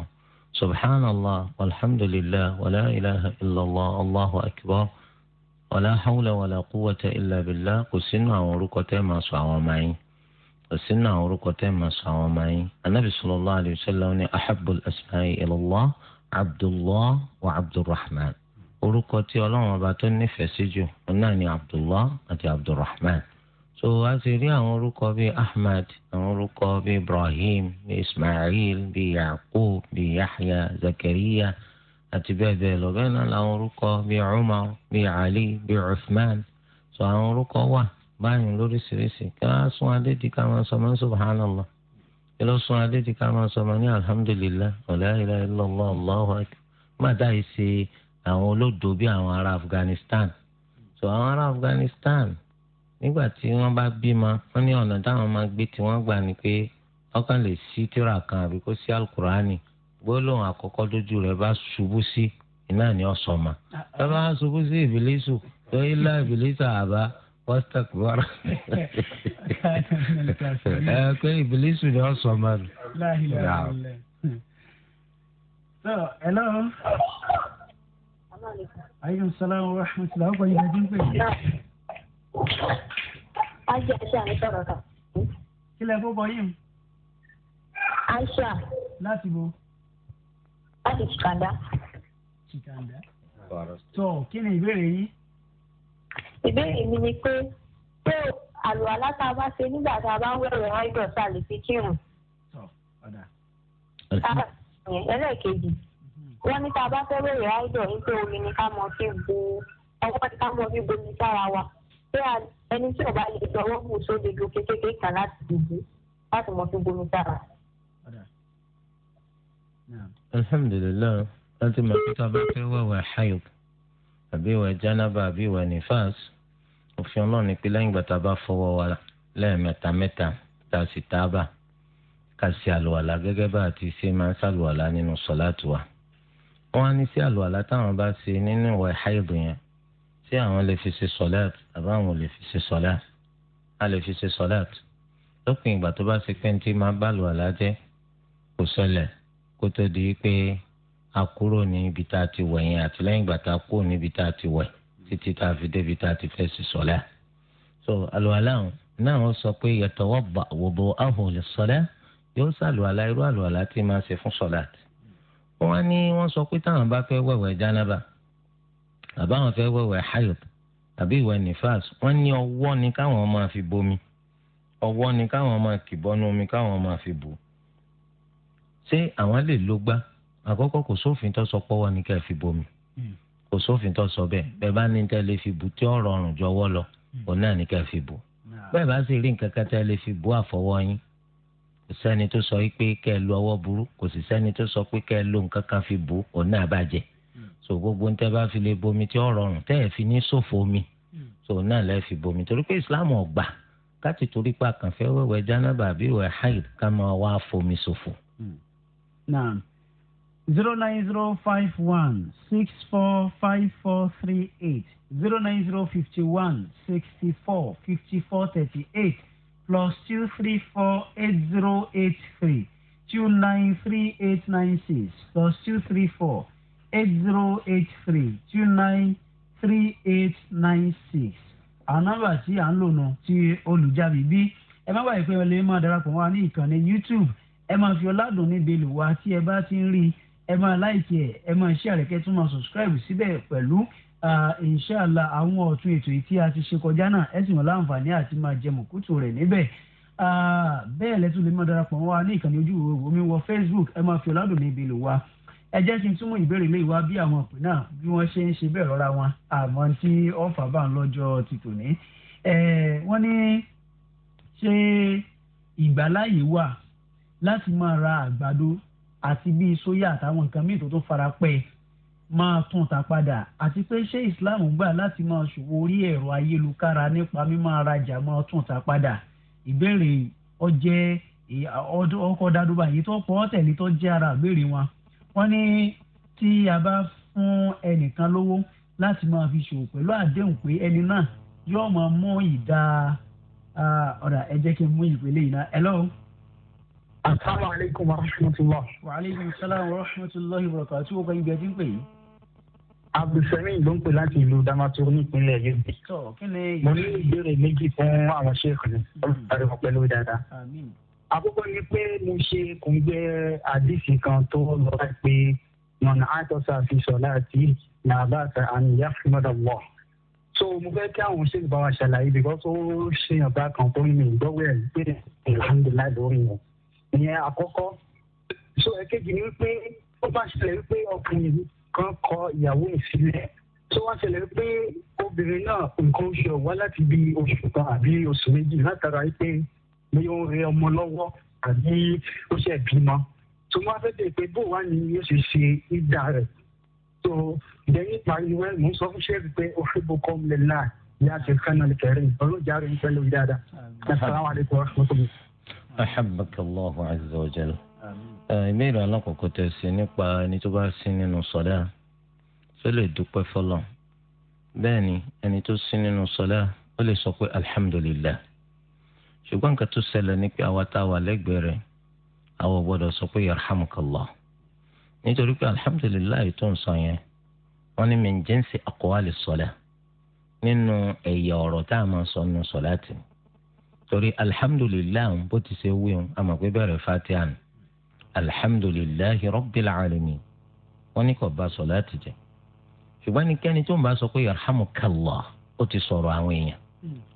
سبحان الله والحمد لله ولا إله إلا الله الله أكبر ولا حول ولا قوة إلا بالله قسنا ورقة ما سعوا معي قسنا ورقة ما سعوا معي النبي صلى الله عليه وسلم أحب الأسماء إلى الله عبد الله وعبد الرحمن ورقة الله وباتن نفسي جو وناني عبد الله أتي عبد الرحمن so a sì rí àwọn orúkọ bíi ahmad àwọn orúkọ bíi ibrahim bíi ismail bíi yaqub bíi yahya zakariya àti bẹ́ẹ̀ bẹ́ẹ̀ lọ bẹ́ẹ̀ náà làwọn orúkọ bíi umar bíi ali bíi uthman so àwọn orúkọ wà báyìí lóríṣiríṣi kí wọ́n á sún adé di ká máa sọ mọ́ subhanallah kí ló sún adé di ká máa sọ mọ́ ní alhamdulillah wala ilaha allahu akbar má dáì ṣe àwọn olódò bíi àwọn ará afghanistan so àwọn ará afghanistan nígbà tí wọ́n bá bímọ wọ́n ní ọ̀nà táwọn máa gbé tí wọ́n gbà ní pé ọkàn lè sí tíra kan àbí kó sí alukurani gbólóhùn àkọ́kọ́ dójú rẹ̀ bá ṣubú sí iná ni ó sọmọ bàbá ṣubú sí ìbílísù tó ilá ìbílísù àbá wọ́sítàk bọ́ra ẹ pé ìbílísù ni ó sọmọ rẹ. so hello. aleykum salaam wa rahmatulah ọkọ yìí ló dín pẹ̀lú. Aisha Aisha ń sọ̀rọ̀ kan. Kílẹ̀ fún bọ́yì mu. Aisha. Láti bo. Láti Chikanda. Chikanda. Tó kí ni ìbéèrè yín? Ìbéèrè mi ni pé pé àlùwàlá tá a bá ṣe nígbà tá a bá ń wẹ̀rẹ̀ áìdọ̀ tá a lè fi kírun. Ah, ẹlẹ́ẹ̀kejì, mm-hmm. wọ́n ní tá a bá fẹ́ wẹ̀rẹ̀ áìdọ̀ nítorí omi ni ká mọ fi bu ọwọ́ ni ká mọ fi bomi sára wa pé ẹni tí ọba lè dọwọ́ mú sóde gòkè kékeré kan láti dìbò láti mọ fún gbomi sára. alhamdulilayi wọn ti mọ títà bá fẹ́ wẹ̀wẹ̀ hayo àbí ìwẹ̀ jánábà àbí ìwẹ̀ nífàs òfin ọlọ́run ni pé lẹ́yìn ìgbà tá a bá fọwọ́ wa lẹ́ẹ̀mẹ́ta mẹ́ta tá a sì tábà ká sí àlùwàlà gẹ́gẹ́ bá a ti ṣe máa ń ṣàlùwàlà nínú sọ́láàtù wa. wọ́n á ní sí àlùwàlà táwọn bá ṣe nínú ìwẹ̀ hayo yẹn tí àwọn lè fi ṣe sọlẹt àbá àwọn lè fi ṣe sọlẹt a lè fi ṣe sọlẹt lópin ìgbà tó bá ṣe pé ní tí máa bá lù àlájẹ kò ṣẹlẹ̀ kó tó di pé a kúrò ní tá a ti wẹ̀ yẹn àti lẹ́yìn ìgbà tá a kúrò ní tá a ti wẹ̀ títí tá a fi débi tá a ti fẹ́ ṣe sọlẹt so àlùwàlá àwọn náà wọ́n sọ pé yatawadda wudu'ahu lis-salat yóò ṣàlùwàlá irú àlùwàlá tí máa ṣe fún sọlẹt wọ́n ní wọ́n sọ pé táwọn bá fẹ́ wẹ̀wẹ̀ jánábà bàbá wọn fẹ́ wẹ̀wẹ̀ hayop tàbí ìwẹ̀ nifas wọ́n ní ọwọ́ ni káwọn máa fi bomi ọwọ́ ni káwọn máa kì bọ́nú omi káwọn máa fi bù ṣé àwọn lè ló gbá àkọ́kọ́ kò sófin tó sọ pọ́wọ́ ni ká fi bomi kò sófin tó sọ bẹ́ẹ̀ bẹ́ẹ̀ bá ní tẹ́ lè fi bù tí ọ̀rọ̀ ọ̀rùn jọ̀wọ́ lọ òun náà ni ká fi bù bẹ́ẹ̀ bá sì rí nǹkan kan tẹ́ lè fi bù àfọwọ́ yín kò sẹ́ni tó sọ pé kẹ́ ẹ lo ọwọ́ burú kò sì sẹ́ni tó sọ pé kẹ́ lo nǹkan kan fi bù òun náà bàjẹ́ so gbogbo ntẹ bá fi lè bomi tí ó rọrùn tẹ́ ẹ̀ fi ní ṣòfò omi hmm. so náà lẹ́ fi bomi torí pé islam ọ̀gbà káti torí pa kànfẹ́ wẹ̀wẹ̀ jánábà àbí wẹ̀ haid ká máa wá fomi ṣòfò. Hmm. naam zero nine zero five one six four five four three eight zero nine zero fifty one sixty four fifty four thirty eight plus two three four eight zero eight three two nine three eight nine six plus two three four eight zero eight three two nine three eight nine six àwọn nọ́mbà tí à ń lò nù ti olùjábí bí ẹ má bàa ìpín ọlẹ́ máa darapọ̀ wá ní ìkànnì YouTube ẹ máa fi ọ̀làdùn níbi lò wá tí ẹ bá ti ń rí ẹ máa láìkì ẹ ẹ máa ṣe àrẹ̀kẹ́ tún máa subscribe síbẹ̀ pẹ̀lú inṣàlá àwọn ọ̀tún ètò yìí tí a ti ṣe kọjá náà ẹ sì wọ́n láǹfààní àti máa jẹ mọ̀kútù rẹ̀ níbẹ̀ bẹ́ẹ̀ lẹ́tùn lè máa darapọ̀ wá ní ìkànnì ojú omi wọ Facebook ẹ máa fi ọ̀làdùn níbi lò wá 0244 ẹ jẹ́ kí n túmọ̀ ìbéèrè lè wá bí àwọn òpin náà bí wọ́n ṣe ń ṣe bẹ́ẹ̀ rọra wọn àmọ́ tí ọ̀fà bá ń lọ́jọ́ ti tòní. wọ́n ní ṣé ìgbàláyè wà láti máa ra àgbàdo àti bíi sóyà àtàwọn nǹkan míì tó tó fara pẹ́ máa tún ta padà àti pé ṣé Islam gbà láti máa ṣòwò orí ẹ̀rọ ayélujára nípa mímọ́ arajà máa tún ta padà ìbéèrè ọjẹ́ ọkọ̀ dadúbà yìí tó pọ̀ tẹ̀lé tó jẹ́ ara ìbéèrè wọn wọ́n ní tí a bá fún ẹnìkan lówó láti máa fi ṣòwò pẹ̀lú àdéhùn pé ẹni náà yóò máa mú ìdá ọ̀dà ẹ jẹ́ kí n mú ìpele yìí náà. hello. asalaamu aleykum wa rahmatulah. wa aleykum salaam wa rahmatulah ibrahima tí o kàn gbẹ tí ń pè yìí. abdulsami ló ń pè láti ìlú damaturu nípínlẹ̀ Yobe. mo ní ìbéèrè méjì fún àwọn ṣéèkì ní olùdarí wọn pẹ̀lú dáadáa àkọ́kọ́ ni pé mo ṣe kòǹgbẹ́ àdìsí kan tó lọ́ra pé mọ̀nà àtọ́sà fi sọ láti nàbàtà àmì yàfùmọ́dà wọ̀. so mo fẹ́ kí àwọn ṣèlú bá wa ṣàlàyé bíkọ́sì ó ṣèyàn bá kan tó yìnbọn ìgbọ́wọ́ ẹ̀ pé alhamdulilayi lórí yẹn ìyẹn àkọ́kọ́ so ẹ̀kejì ni pé ó bá ṣẹlẹ̀ wípé ọkùnrin kan kọ ìyàwó ìsílẹ̀ tó wá ṣẹlẹ̀ pé obìnrin náà nǹkan oṣù ọ̀wá láti bí oṣù kan àbí oṣù méjì látara pé bí ó ń rẹ ọmọ lọ́wọ́ àbí ó ṣe bímọ tó wá fẹ́ dé pé bó wà ní yóò ṣe ṣe ìdá rẹ̀ tó lẹ́yìn ìparí wẹ́ mò ń sọ fún ṣẹ́ẹ̀rì pé òfin boko ọmọlẹ̀ náà ní àti kánà kẹrin ọlọ́jà rẹ̀ ń pẹ́ lórí dáadáa assalamu alaykum wa rahmatullahi. ahabakallahu azza wa jalla ìbéèrè alákọ̀ọ́kọ́ tẹ̀ sí nípa ẹni tó bá sí nínú sọ́dá tó lè dúpẹ́ fọlọ́ bẹ́ẹ̀ ẹni tó sí nínú sọ́dá ó lè sọ pé alhamdulillah ṣùgbọ́n nǹkan tó ṣẹlẹ̀ ní pé àwa tá a wà lẹ́gbẹ̀ẹ́ rẹ̀ àwọn gbọ́dọ̀ sọ pé yarhamukallah nítorí pé alihamudulilayi tó ń sọ yẹn wọ́n ní min jinsi aqwali sọlá nínú ẹ̀yà ọ̀rọ̀ tá a máa sọ nínú sọlá tì torí alihamudulilayi bó ti ṣe wí wọn àmọ́ pé fatiha ni alihamudulilayi rabbil alamin wọ́n ní kò bá sọlá jẹ ṣùgbọ́n ní kẹ́ni tó ń bá sọ pé yarhamukallah ó ti sọ̀rọ̀ àwọn èèyàn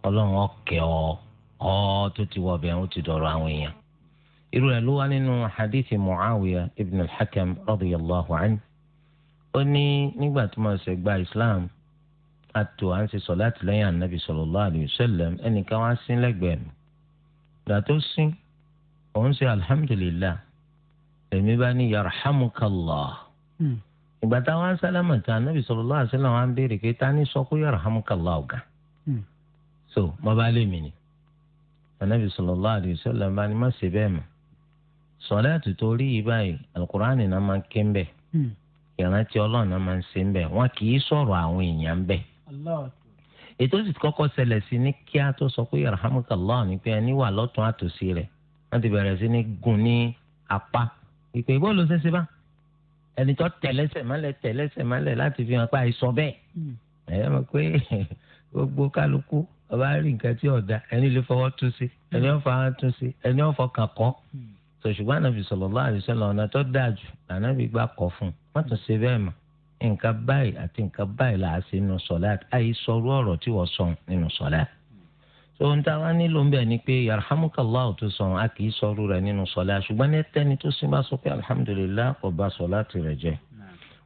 ọlọ́run ọ̀kẹ́ ọ́ kọ́ tó ti wọ ọbẹ̀ àwọn ti dọ̀rọ̀ àwọn èèyàn. irú ẹ̀ ló wá nínú hadith muawiya ibn al-hakam radiyallahu anhu. ó ní nígbà tí mo ṣe gba islam àtò à ń ṣe sọ láti lẹ́yìn anabi sallallahu alayhi wa sallam ẹnìkan wá sí lẹ́gbẹ̀ẹ́ mi. ìgbà tó sín òun ṣe alhamdulillah èmi bá ní yarhamukallah. Hmm. ìgbà táwọn sálámà tí anabi sallallahu alayhi wa sallam wá ń béèrè pé ta ni sọ pé yarhamukallah ọ̀gá. Hmm. so mo bá lè mi ni anabi sallallahu alaihi wasallam bá ní má ṣe bẹ́ẹ̀ mọ́ sọláàtì tó rí yìí báyìí alukur'ani náà máa ń ké ń bẹ̀ hmm. ìrántí ọlọ́run náà máa ń ṣe ń bẹ̀ wọn kì í sọ̀rọ̀ àwọn èèyàn ń bẹ̀. ètò sì kọ́kọ́ ṣẹlẹ̀ sí ní kí a tó sọ pé yarhamukallah ni pé ẹni wà lọ́tún àtòsí rẹ̀ wọ́n ti bẹ̀rẹ̀ sí ní gún ní apá ìpè bó ló bá ẹni tó tẹ̀lẹ́sẹ̀ mọ́lẹ̀ tẹ̀lẹ́sẹ̀ mọ́lẹ̀ láti fi hàn pé àìsọ bẹ́ẹ̀ hmm. ẹ̀yẹ́ mọ̀ pé <laughs> gbogbo kálukú ọba rí nǹkan tí ọ̀dà ẹni lè fọwọ́ tún sí ẹni ọ̀fọ̀ á tún sí ẹni ọ̀fọ̀ kàn kọ́ sọ̀ṣùgbọ́n ànábì sallallahu alaihi wasallam ọ̀nà tó dáa jù ànábì gbà kọ́ fún un wọ́n tún ṣe bẹ́ẹ̀ mọ̀ nǹkan báyìí àti nǹkan báyìí là á ṣe nínú sọ̀lá àyè sọ̀rọ̀ ọ̀rọ̀ tí wọ́n sọ nínú sọ̀lá. tó ń ta wá nílò ń ni pé yarhamukallahu tó sọ a kì í sọ̀rọ̀ rẹ̀ alhamdulilayi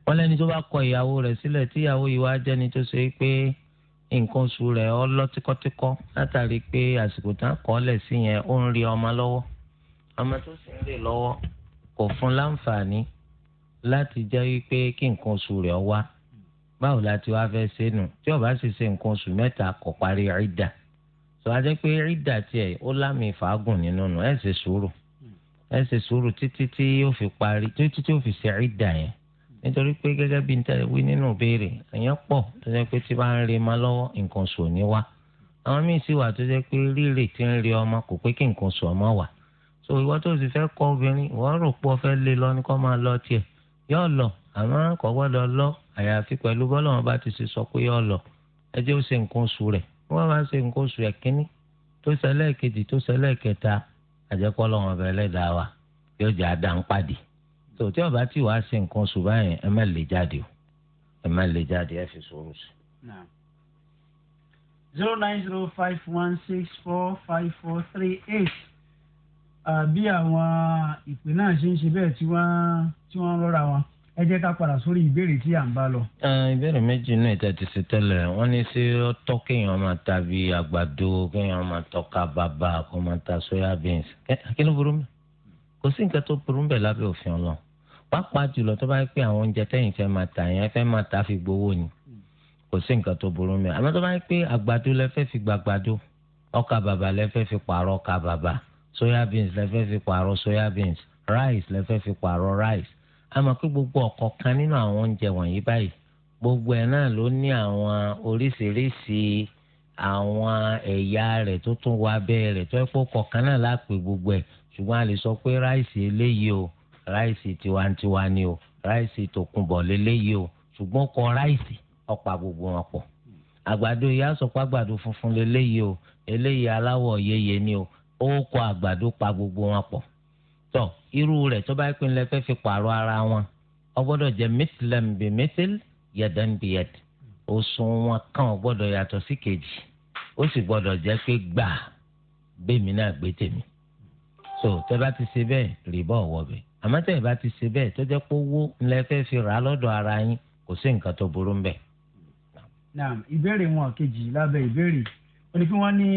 wọ́n lẹ́ni tó bá kọ ìyàwó rẹ̀ sílẹ̀ tíyàwó yìí wá jẹ́ni tó ṣe pé nǹkan oṣù rẹ̀ ọ lọ tíkọ́tíkọ́ látàrí pé àsìkò tá a kọ́ lẹ̀ sí yẹn ó ń rí ọmọ lọ́wọ́ ọmọ tó sì ń rè lọ́wọ́ kò fún láǹfààní láti jẹ́ wípé kí nǹkan oṣù rẹ̀ wá báwo la ti wá fẹ́ ṣe nù tí ó bá sì ṣe nǹkan oṣù mẹ́ta kò parí rídà tó a jẹ́ pé rídà tiẹ̀ ó lámì fàágùn nínú nù ẹ̀ ṣe sùúrù ẹ̀ ṣe sùúrù títí tí yóò fi parí títí tí yóò fi ṣe rídà yẹn nítorí pé gẹ́gẹ́ bí n tẹ wí nínú ìbéèrè èèyàn pọ̀ tó jẹ́ pé tí bá ń re ma lọ́wọ́ nǹkan sò ní wá àwọn míì sì wà tó jẹ́ pé rírè tí ń re ọmọ kò pé kí nǹkan sò ọmọ wà so ìwọ tó sì fẹ́ kọ́ obìnrin ìwọ rò pé ọ fẹ́ lé lọ ní kó máa lọ tiẹ̀ yóò lọ àmọ́ kò gbọ́dọ̀ lọ àyàfi pẹ̀lú bọ́lá wọn bá ti ṣe sọ pé yóò lọ ẹ jẹ́ ó ṣe nǹkan oṣù rẹ̀ wọ́n bá ṣe nǹkan oṣù rẹ̀ kínní tó tí ọba tí wàá ṣe nǹkan oṣù báyìí ẹ má lè jáde o ẹ má lè jáde ẹ fi sọ̀rọ̀ sí. zero nine zero five one six four five four three eight bí àwọn ìpè náà ṣe ń ṣe bẹ́ẹ̀ tí wọ́n tí wọ́n rọra wọn ẹ jẹ́ ká padà sórí ìbéèrè tí à ń bá lọ. ìbéèrè méjì náà ìta ti ṣe tẹ́lẹ̀ wọ́n ní ṣé ó tọ́ kéèyàn máa ta bí àgbàdo kéèyàn máa tọ́ka bàbà kó máa ta soya beans kí ló burú mi kò sí nǹkan tó burú bẹ̀ lábẹ́ òfin ọlọ́run pàápàá jùlọ tó bá yẹ pé àwọn oúnjẹ tẹ́yìn fẹ́ máa tà yẹn fẹ́ máa tà fi gbowó ni kò sí nǹkan tó burú mi àmọ́ tó bá yẹ pé àgbàdo lẹ fẹ́ fi gbàgbàdo ọkà bàbà lẹ fẹ́ fi pààrọ̀ ọkà bàbà soya beans lẹ fẹ́ fi pààrọ̀ soya beans rice lẹ fẹ́ fi pààrọ̀ rice àmọ́ pé gbogbo ọ̀kọ̀ọ̀kan nínú àwọn oúnjẹ wọ̀nyí báyìí gbogbo ẹ̀ náà ló ní àwọn oríṣiríṣi àwọn ẹ̀yà rẹ̀ tó tún wá bẹ́ẹ̀ rẹ̀ tó ẹ̀ pọ̀ kọ̀ọ̀kan náà lápè gbogbo ẹ̀ ṣùgbọ́n a lè sọ pé ráìsì eléyìí o ráìsì tiwantiwa ni o ráìsì tó kún bọ̀ lélẹ́yìí o ṣùgbọ́n kọ ráìsì ọ̀pá gbogbo wọn pọ̀ àgbàdo ìyá sọ pé funfun lélẹ́yìí o eléyìí aláwọ̀ yeye ni o ó kọ àgbàdo pa gbogbo wọn pọ̀ tọ irú rẹ̀ tó bá pinlẹ̀ fẹ́ fi pààrọ̀ ara wọn ó gbọ́dọ̀ jẹ́ mithlan bi mithl yadan bi yad òṣùwọ̀n kan ó gbọ́dọ̀ yàtọ̀ sí kejì ó sì gbọ́dọ̀ jẹ́ pé gbà bẹ́ẹ̀ náà gbé tèmi so tẹ́ bá ti ṣe bẹ́ẹ̀ rìbọ̀ wọ̀ bẹ́ẹ̀ àmọ́ tẹ́ ẹ̀ bá ti ṣe bẹ́ẹ̀ tó jẹ́ pé owó ńlẹ fẹ́ fi rà á lọ́dọ̀ ara yín kò sí nǹkan tó burú ńbẹ̀. naam ìbéèrè wọn kejì lábẹ́ ìbéèrè ó ní kí wọ́n ní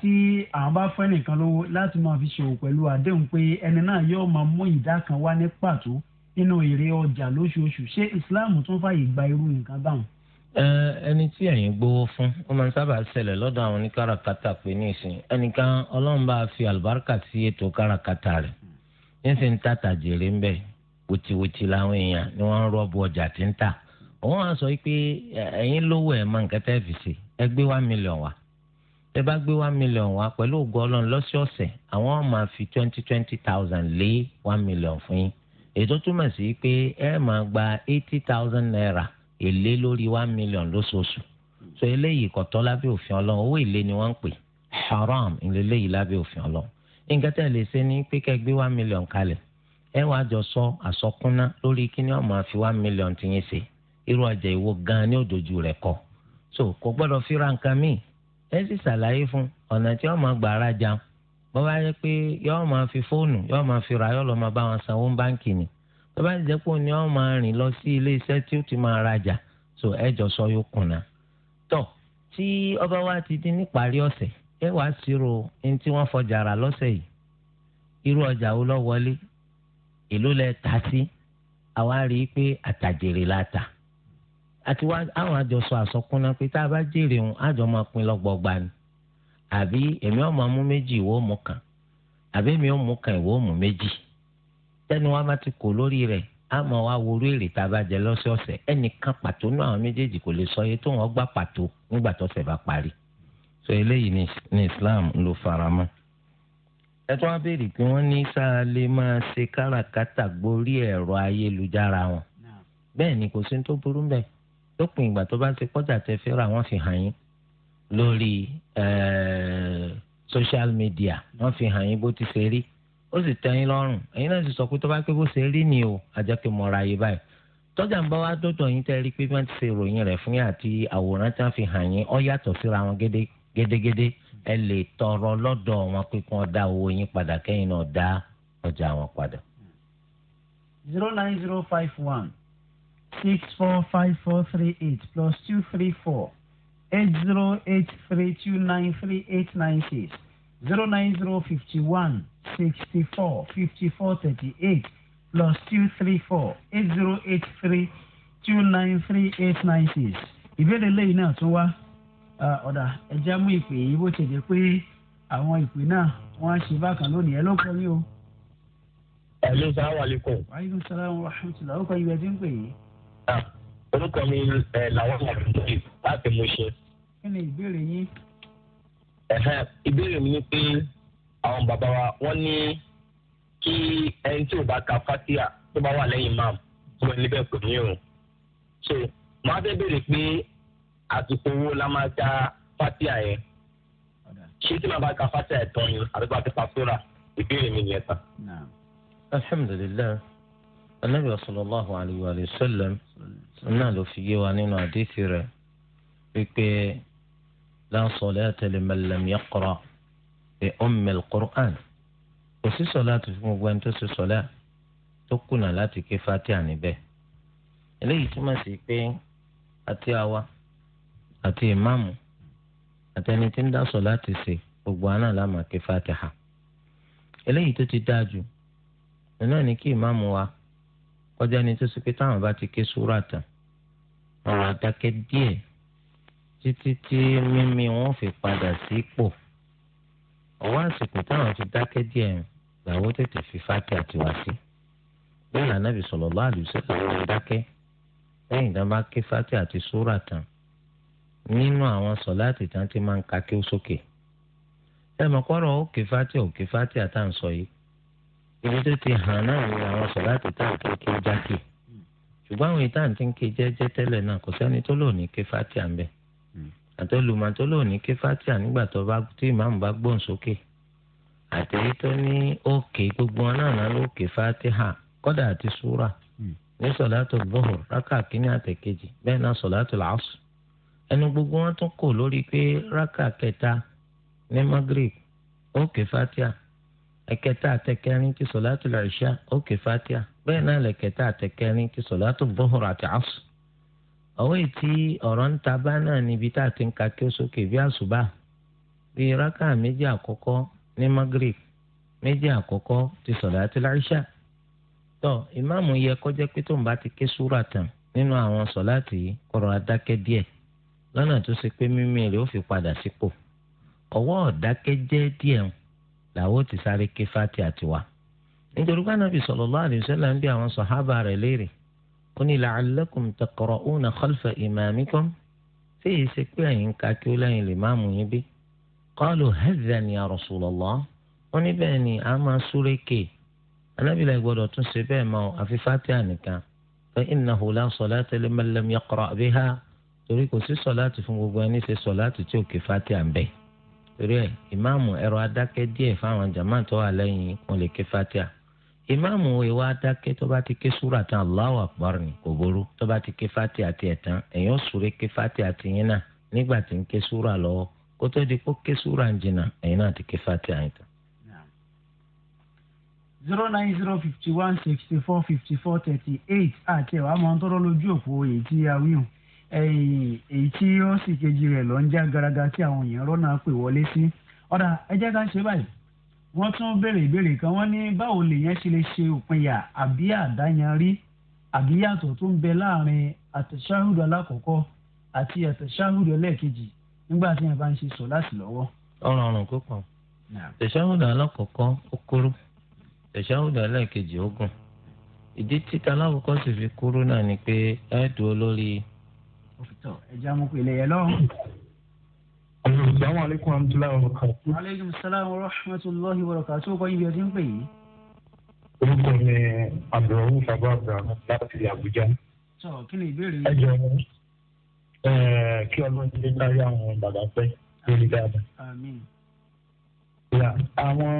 tí àwọn bá fẹ́ nìkan lówó láti máa fi ṣòwò pẹ̀lú àdéhùn pé ẹni náà yóò máa mú ìdá kan wá ní pàtó nínú èrè ọjà lóṣooṣù ṣé islam tún fàyè gba irú nǹkan báwọn. ẹni tí ẹ̀yin gbowó fún ó máa ń sábà ṣẹlẹ̀ lọ́dọ̀ àwọn oníkàràkátà pé ní ìsìn ẹnìkan ọlọ́run bá fi àlùbáríkà sí ètò kàràkátà rẹ̀ níṣẹ́ ń tàtà jèrè ń bẹ̀ wutiwuti làwọn èèyàn ni wọ́n ń rọ́ọ̀bù ọjà tí ń tà òun á sọ pé ẹ̀yin lówó ẹ̀ máa nǹkan tẹ́ fi ṣe ẹ gbé wá mílíọ̀n wá ẹ bá gbé wá mílíọ̀n wá pẹ̀lú ògo ọlọ́run lọ́sọ̀ọ̀sẹ̀ àwọn máa fi twenty twenty thousand lé wá mílíọ̀n fún yín èyí tó túmọ̀ sí pé ẹ máa gba eighty thousand naira èlé lórí wá mílíọ̀n lóṣooṣù so eléyìí kò tọ́ lábẹ́ òfin ọlọ́run owó èlé ni wọ́n ń pè haram ìlélẹ́yìí lábẹ́ òfin ọlọ́run nǹkan tẹ̀ lè ṣe ní pé kẹ́ one million kalẹ̀ ẹ wàá jọ sọ àsọkúnná lórí kíní ọmọ àfi one million ti yín ṣe irú ọjà ìwo gan ni òdòjú rẹ̀ kọ so kò gbọdọ fi ra nǹkan míì ẹ sì ṣàlàyé fún ọ̀nà tí ọmọ gbà ara jà bó bá yẹ pé yọ́ọ́ máa fi fóònù yọ́ọ́ máa fi ra yọ́ọ́ lọ́ọ́ máa bá wọn sanwó báńkì ni bó bá jẹ́ pé òní ọmọ rìn lọ sí ilé iṣẹ́ tí ó ti máa rajà so ẹ jọ sọ yóò kùnà tọ́ tí ọba wa ti dín níparí ọ̀sẹ̀ ẹ wàá ṣírò ní tí wọ́n fọjà yìí irú ọjà wo lọ wọlé èló lẹ ta sí àwa rí i pé àtàjèrè la ta àti wá àwọn àjọ sọ àsọkúnná pé tá a bá jèrè òun àjọ máa pín lọ́gbọ̀gba ni àbí èmi ò máa mú méjì ìwọ mú kan àbí èmi ò mú kan ìwọ mú méjì tẹnu wa máa ti kò lórí rẹ̀ a máa wá worú èrè tá a bá jẹ lọ́sọ̀ọ̀sẹ̀ ẹnìkan pàtó náà àwọn méjèèjì kò lè sọ iye tó wọn gbà pàtó nígbà tó ṣẹ̀ bá parí sọ eléyìí ní islam ló fara mọ́ ẹ tún wá béèrè pé wọ́n ní sáà lè máa ṣe káràkátà gborí ẹ̀rọ ayélujára wọn bẹ́ẹ̀ ni kò sí tó burú bẹ́ẹ̀ lópin ìgbà tó bá ti kọjá tẹ fẹ́ ra wọ́n fi hàn yín lórí eh, social media wọ́n fi hàn yín bó ti ṣe rí ó sì tẹ́ yín lọ́rùn ẹ̀yin náà sì sọ pé tó bá pé bó ṣe rí ni o àjẹkẹ́ mọ̀ra yìí báyìí tọ́jà ń bá wa dọ́dọ̀ yín tẹ́ rí pé wọ́n ti ṣe ìròyìn rẹ̀ fún yín àti àwòrán tí wọ́n fi hàn yín ó yàtọ̀ síra wọn gédé gédégédé ẹ lè tọrọ lọ́dọ̀ wọn pé kí wọ́n dá owó yín padà kẹ́yìn náà dá ọjà wọn padà. zero nine zero five one six four five four three eight plus two three four eight zero eight three two nine three eight nine six zero nine zero fifty one sixty four fifty four thirty eight plus two three four eight zero eight three two nine three eight nine six ìbéèrè lẹ́yìn náà tún wá ọ̀dà ẹ̀jẹ̀ mú ìpè yìí bó ṣe jẹ́ pé àwọn ìpè náà wọ́n á ṣe bákan lónìí ẹ ló kọ́ yín o. ẹ̀lú sàlámù alaykum. aleykum salaam wa rahmatulah orúkọ yìí bẹ ti ń pè yìí. orúkọ mi làwọn àdúgbò láti mú ṣe. kí ni ìbéèrè yín. ìbéèrè mi ni pé àwọn bàbá wa wọ́n ní kí ẹni tí ò bá ka fatia tó bá wà lẹ́yìn máàmù tó ẹni bẹ́ẹ̀ kò ní o. so màá fẹ́ béèrè pé àsìkò owó la máa ka fátíà yẹn ṣé tí màá bá ka fátíà yẹn tán ni àbí bá ti pa sóra ìbéèrè mi nìyẹn tán. alhamdulilayi anabi sallallahu alayhi wa sallam náà ló fi yé wa nínú àdéhìí rẹ̀ wípé la salata liman lam yaqra bi ummil qur'an kò sí sọlá tó fi gbogbo ẹni tó ṣe sọlá tó kùnà láti ké fatia níbẹ̀ eléyìí túmọ̀ sí pé àti àwa àti ìmáàmù àtẹni tí ń dá sọ láti ṣe gbogbo àná lámà ké fatiha eléyìí tó ti dáa jù náà ni kí ìmáàmù wa kọjá ni tó sì pé táwọn bá ti ké súrà tán wọn wá dákẹ́ díẹ̀ títí tí mímí wọn fi padà sípò ọwọ́ àsìkò táwọn fi dákẹ́ díẹ̀ làwọn tètè fi fatiha tiwa sí bẹ́ẹ̀ ni Ànábì sallallahu alaihi wasallam dákẹ́ lẹ́yìn tí wọ́n bá ké fatiha àti súrà tán. nínú àwọn sọláàtì tí wọ́n ti máa ń ka kí ó sókè ẹ mọ̀ kọ́rọ̀ òkè fati òkè fati ti hàn náà ní àwọn sọláàtì tá à ń ké jákè ṣùgbọ́n àwọn ìtàn tí ń ké jẹ́jẹ́ tẹ́lẹ̀ náà kò sẹ́ni tó lò ní ké fati à àtẹlùmọ̀ tó lò ní ké fati à tó bá tí ìmáàmù bá gbóhùn sókè tó ní òkè gbogbo wọn náà náà fati hà kọ́dà ẹnu gbogbo wọn tún kò lórí pé rákà kẹta ní magrib ó fatia ẹ̀kẹta àtẹ̀kẹrin ti sọ̀látù làṣà ó fatia bẹ́ẹ̀ náà lẹ̀kẹta àtẹ̀kẹrin ti sọ̀látù bọ́hùrù àti àṣù. ọ̀wọ́ ọ̀rọ̀ ń ta bá náà níbi tá a ti ń ka kí ó sókè bí àṣùbà bíi rákà méjì àkọ́kọ́ ní magrib méjì àkọ́kọ́ ti sọ̀látù làṣà. lọ́nà tó ṣe pé mímí rẹ̀ ó fi padà sípò ọwọ́ ọ̀dákẹ́jẹ́ díẹ̀ ń làwọn ti sáré ké fati àtiwá nítorí pé anábì sallallahu alaihi wasallam ń bí àwọn sàhábà rẹ̀ léèrè ó ní la'allakum taqra'una khalfa imamikum ṣé èyí ṣe pé ẹ̀yin ka kí ó lẹ́yìn lè má mú yín bí qalu hadhan ya Rasulullah ó ní bẹ́ẹ̀ ni a máa súré kè anábìlẹ̀ gbọ́dọ̀ tún ṣe bẹ́ẹ̀ mọ́ àfi fati ànìkan fa innahu la salata liman lam yaqra' torí kò sí sọláàtì fún gbogbo ẹni ṣe sọláàtì tí òkè fati à ń bẹ torí ẹ ìmáàmù ẹ̀rọ adákẹ́ díẹ̀ fáwọn jàmáà tó wà lẹ́yìn wọn lè ké fati à ìmáàmù ìwà adákẹ́ tó bá ti ké súrà tán Allahu Akbar ni kò burú tó bá ti ké fati àti ẹ̀tàn èèyàn sùré ké fati àti yín náà nígbà tí ń ké súrà lọ́wọ́ kó tó di kó ké súrà ń jìnnà èèyàn náà ti ké fati àyìn tán. zero nine zero fifty one sixty four fifty four thirty eight àti ẹ̀wà máa ń tọ́rọ́ lójú òpó èyí tí a wíhùn. èyí tí ó sì kejì rẹ̀ lọ ń já garaga tí àwọn èèyàn rọ́nà pè wọlé sí ọ̀dà ẹ jẹ́ ká ṣe báyìí wọ́n tún béèrè ìbéèrè kan wọ́n ní báwo lèèyàn ṣe lè ṣe òpinya àbí àdáyanrí àbí yàtọ̀ tó ń bẹ láàrin àtẹ̀sáhùdù alákọ̀ọ́kọ́ àti àtẹ̀sáhùdù ẹlẹ́ẹ̀kejì nígbà tí yẹn bá ń ṣe sọ láti lọ́wọ́. alákọ̀ọ́kọ́ ó kúrú ẹlẹ́ẹ̀kejì ó gùn ìdí fi kúrú náà ni pé ẹja mo pèlè yẹn lọ. Assalamu alaikum warahmatullahi wabarakatuh. Wa alaikum assalam warahmatullahi wabarakatuh. Tí o kọ́ ibi ẹ ti ń pè yìí. Orúkọ mi Abdulrahman Faba Abraham láti Abuja. Sọ kí ni ìbéèrè yìí? Ẹ jọ kí ọlọ́run ti dárí àwọn bàbá pẹ́ lórí dáadáa. Àmín. Àwọn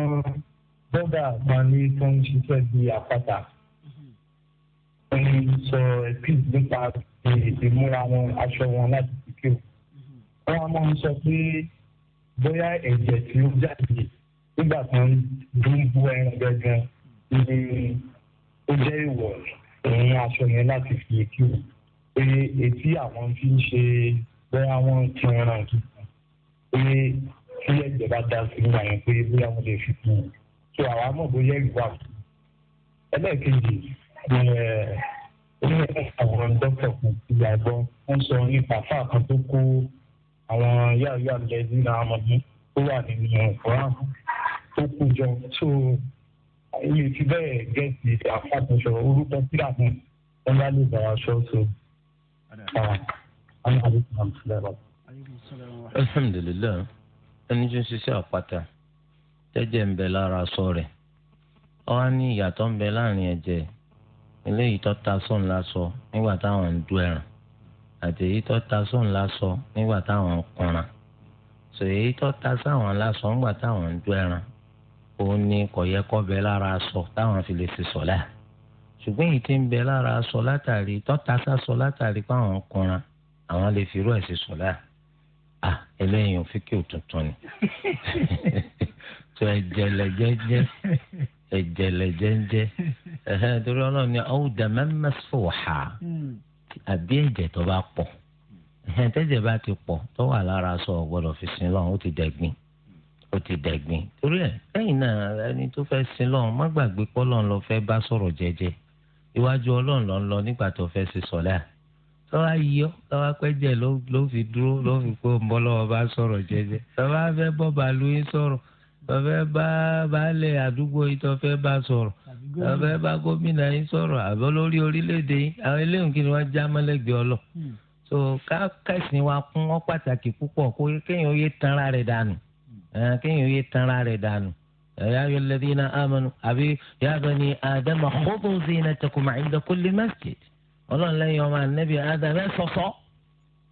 bọ́dà kan ní tó ń ṣiṣẹ́ bíi àpáta. Mhm. Wọ́n ní sọ ẹ̀pì nípa rẹ̀ ètè múra wọn aṣọ wọn láti fi kí o wọn máa ń sọ pé bóyá ẹ̀jẹ̀ tí ó jáde nígbà tó ń dún bú ẹran gangan ni ó jẹ́ ìwọ̀ òun aṣọ yẹn láti fi kí o pé etí àwọn fi ń ṣe bóyá wọ́n ti ràn tuntun pé tí ẹ̀jẹ̀ bá dá sí ìgbà yẹn pé bóyá wọ́n lè fi kí o tó àwa mọ̀ bóyá ìwà ẹlẹ́ẹ̀kejì ni ẹ̀ẹ́ ní àwòrán dókítà kù ìyá ẹ̀gbọ́n ń sọ nípa fáà kan tó kó àwọn yáàyà lẹ́yìn náà mọ̀jú tó wà nínú ìfọ̀rán tó kú jọ tó ilé ti bẹ́ẹ̀ gẹ̀ẹ́sì àfàtúnṣọ orúkọ sílà fún wọn bá lè bàrà aṣọ tó àwọn àdúgbò náà ti lẹ́rọ. alhamdulilayi ẹni tí ń ṣiṣẹ́ àpáta tẹ́jẹ̀ ń bẹ lára aṣọ rẹ̀ ọ́ á ní ìyàtọ̀ ń bẹ láàrin ẹ̀jẹ̀ eléyìí tó ta sóun lásọ nígbà táwọn ń du ẹran àti èyí tó ta sóun lásọ nígbà táwọn ń kunran sọ èyí tó ta sáwọn lásọ nígbà táwọn ń du ẹran òun ni kò yẹ kó bẹ lára aṣọ táwọn fi lè fi sọlá ṣùgbọ́n èyí tí ń bẹ lára aṣọ látàrí tó ta sásọ látàrí páwọn ń kunran àwọn lè fi irú ẹ̀ sí sọlá à eléyìí ò fi kí òtútù ni. <laughs> tó <laughs> ẹ̀jẹ̀lẹ̀ jẹ́jẹ́ ẹ̀jẹ̀lẹ̀ jẹ́jẹ́ ẹ̀hẹ́ torí ọlọ́run ni ọ̀hún dàmẹ́ mẹ́sọ̀ọ̀hà àbí ẹjẹ tó bá pọ ẹ̀hẹ́ tẹ́jẹ̀ bá ti pọ tó wà lára sọ ọ̀gbọ́dọ̀ fi sin ó ti dẹgbin ó ti dẹgbin torí ẹ lẹ́yìn náà ẹni tó fẹ́ sin má gbàgbé lọ bá iwájú lọ ń lọ nígbà tó tọ́wá yíyọ́ tọ́wá ló fi dúró ló fi tọ́fẹ́ bá baálẹ̀ àdúgbò yìí tọ́fẹ́ bá sọ̀rọ̀ tọ́fẹ́ bá gómìnà yìí sọ̀rọ̀ àbọ̀ lórí orílẹ̀-èdè yìí àwọn eléyìí kí ni wọ́n já mọ́lẹ́gbẹ̀ẹ́ ọlọ́ hmm. so ká wa kún ọ́ pàtàkì púpọ̀ kéèyàn yé tanra rẹ̀ dànù kéèyàn yé tanra rẹ̀ dànù ya ayyuha alladhina amanu àbí ya bani adama khudhu zinatakum 'inda kulli masjid ọlọ́run ọmọ ànábì ádámẹ́ sọ́sọ́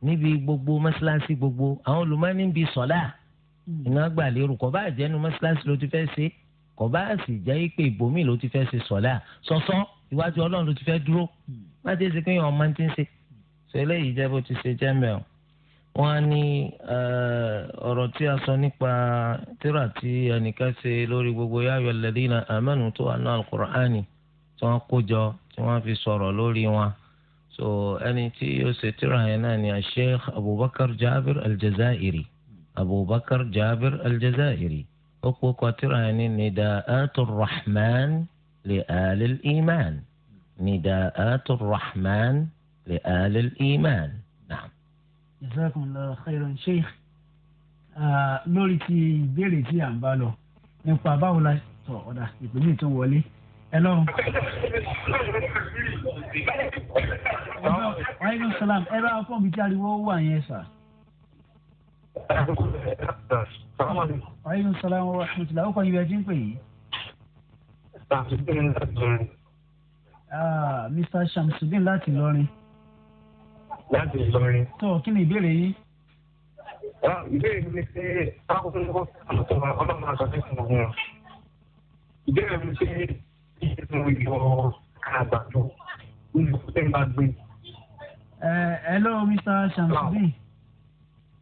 níbi gbogbo mọ́ṣáláṣí gbogbo àwọn olùmọ́ni ń bi Hmm. iná gbà lérò kọ́ bá àjẹnu mọ́ṣáláṣí ló ti fẹ́ ṣe kọ́ bá sì jẹ́ pé ìbomi ló ti fẹ́ ṣe sọ̀lá sọ́sọ́ iwájú ọlọ́run ló ti fẹ́ dúró má ti ṣe pé ọmọ ti ń ṣe ṣe eléyìí jẹ́ bó ti ṣe jẹ́ mẹ́ọ̀ wọ́n á ní ọ̀rọ̀ tí a sọ nípa tíra tí ẹnìkan ṣe lórí gbogbo yáyọ lẹ́dínà àmẹ́nu tó wà náà alukur'ani tí wọ́n kó jọ tí wọ́n fi sọ̀rọ̀ lórí wọn ẹni tí yóò ṣe tíra yẹn náà ni Sheikh Abubakar Jabir Al-Jazairi أبو بكر جابر الجزائري أقوى كواتر يعني نداءات الرحمن لآل الإيمان نداءات الرحمن لآل الإيمان نعم جزاكم الله خيرا شيخ lórí ti ìbéèrè tí à ń bá lọ nípa báwo la sọ ọ̀dà ìpínlẹ̀ tó wọlé ẹ lọ́rùn. wàhálà sàlám ẹ bá fọ́ọ̀mù tí ariwo wà yẹn sà. aleykum salaam wa rahmatulah ọkọ ibi ẹtí ń pè yìí. Ah, mr shamsudin láti lọrin. láti lọrin. tó kí ni ìbéèrè yìí. Ah, ìbéèrè mi ni pé akókò ní kò fún ọmọ ọlọ́run aṣọ tó fún ọmọ. ìbéèrè mi ṣe ìṣègùn ìwọ àgbàdo ní ìfúnpẹ́ máa gbé. ẹ ẹ lọ́wọ́ mr shamsudin.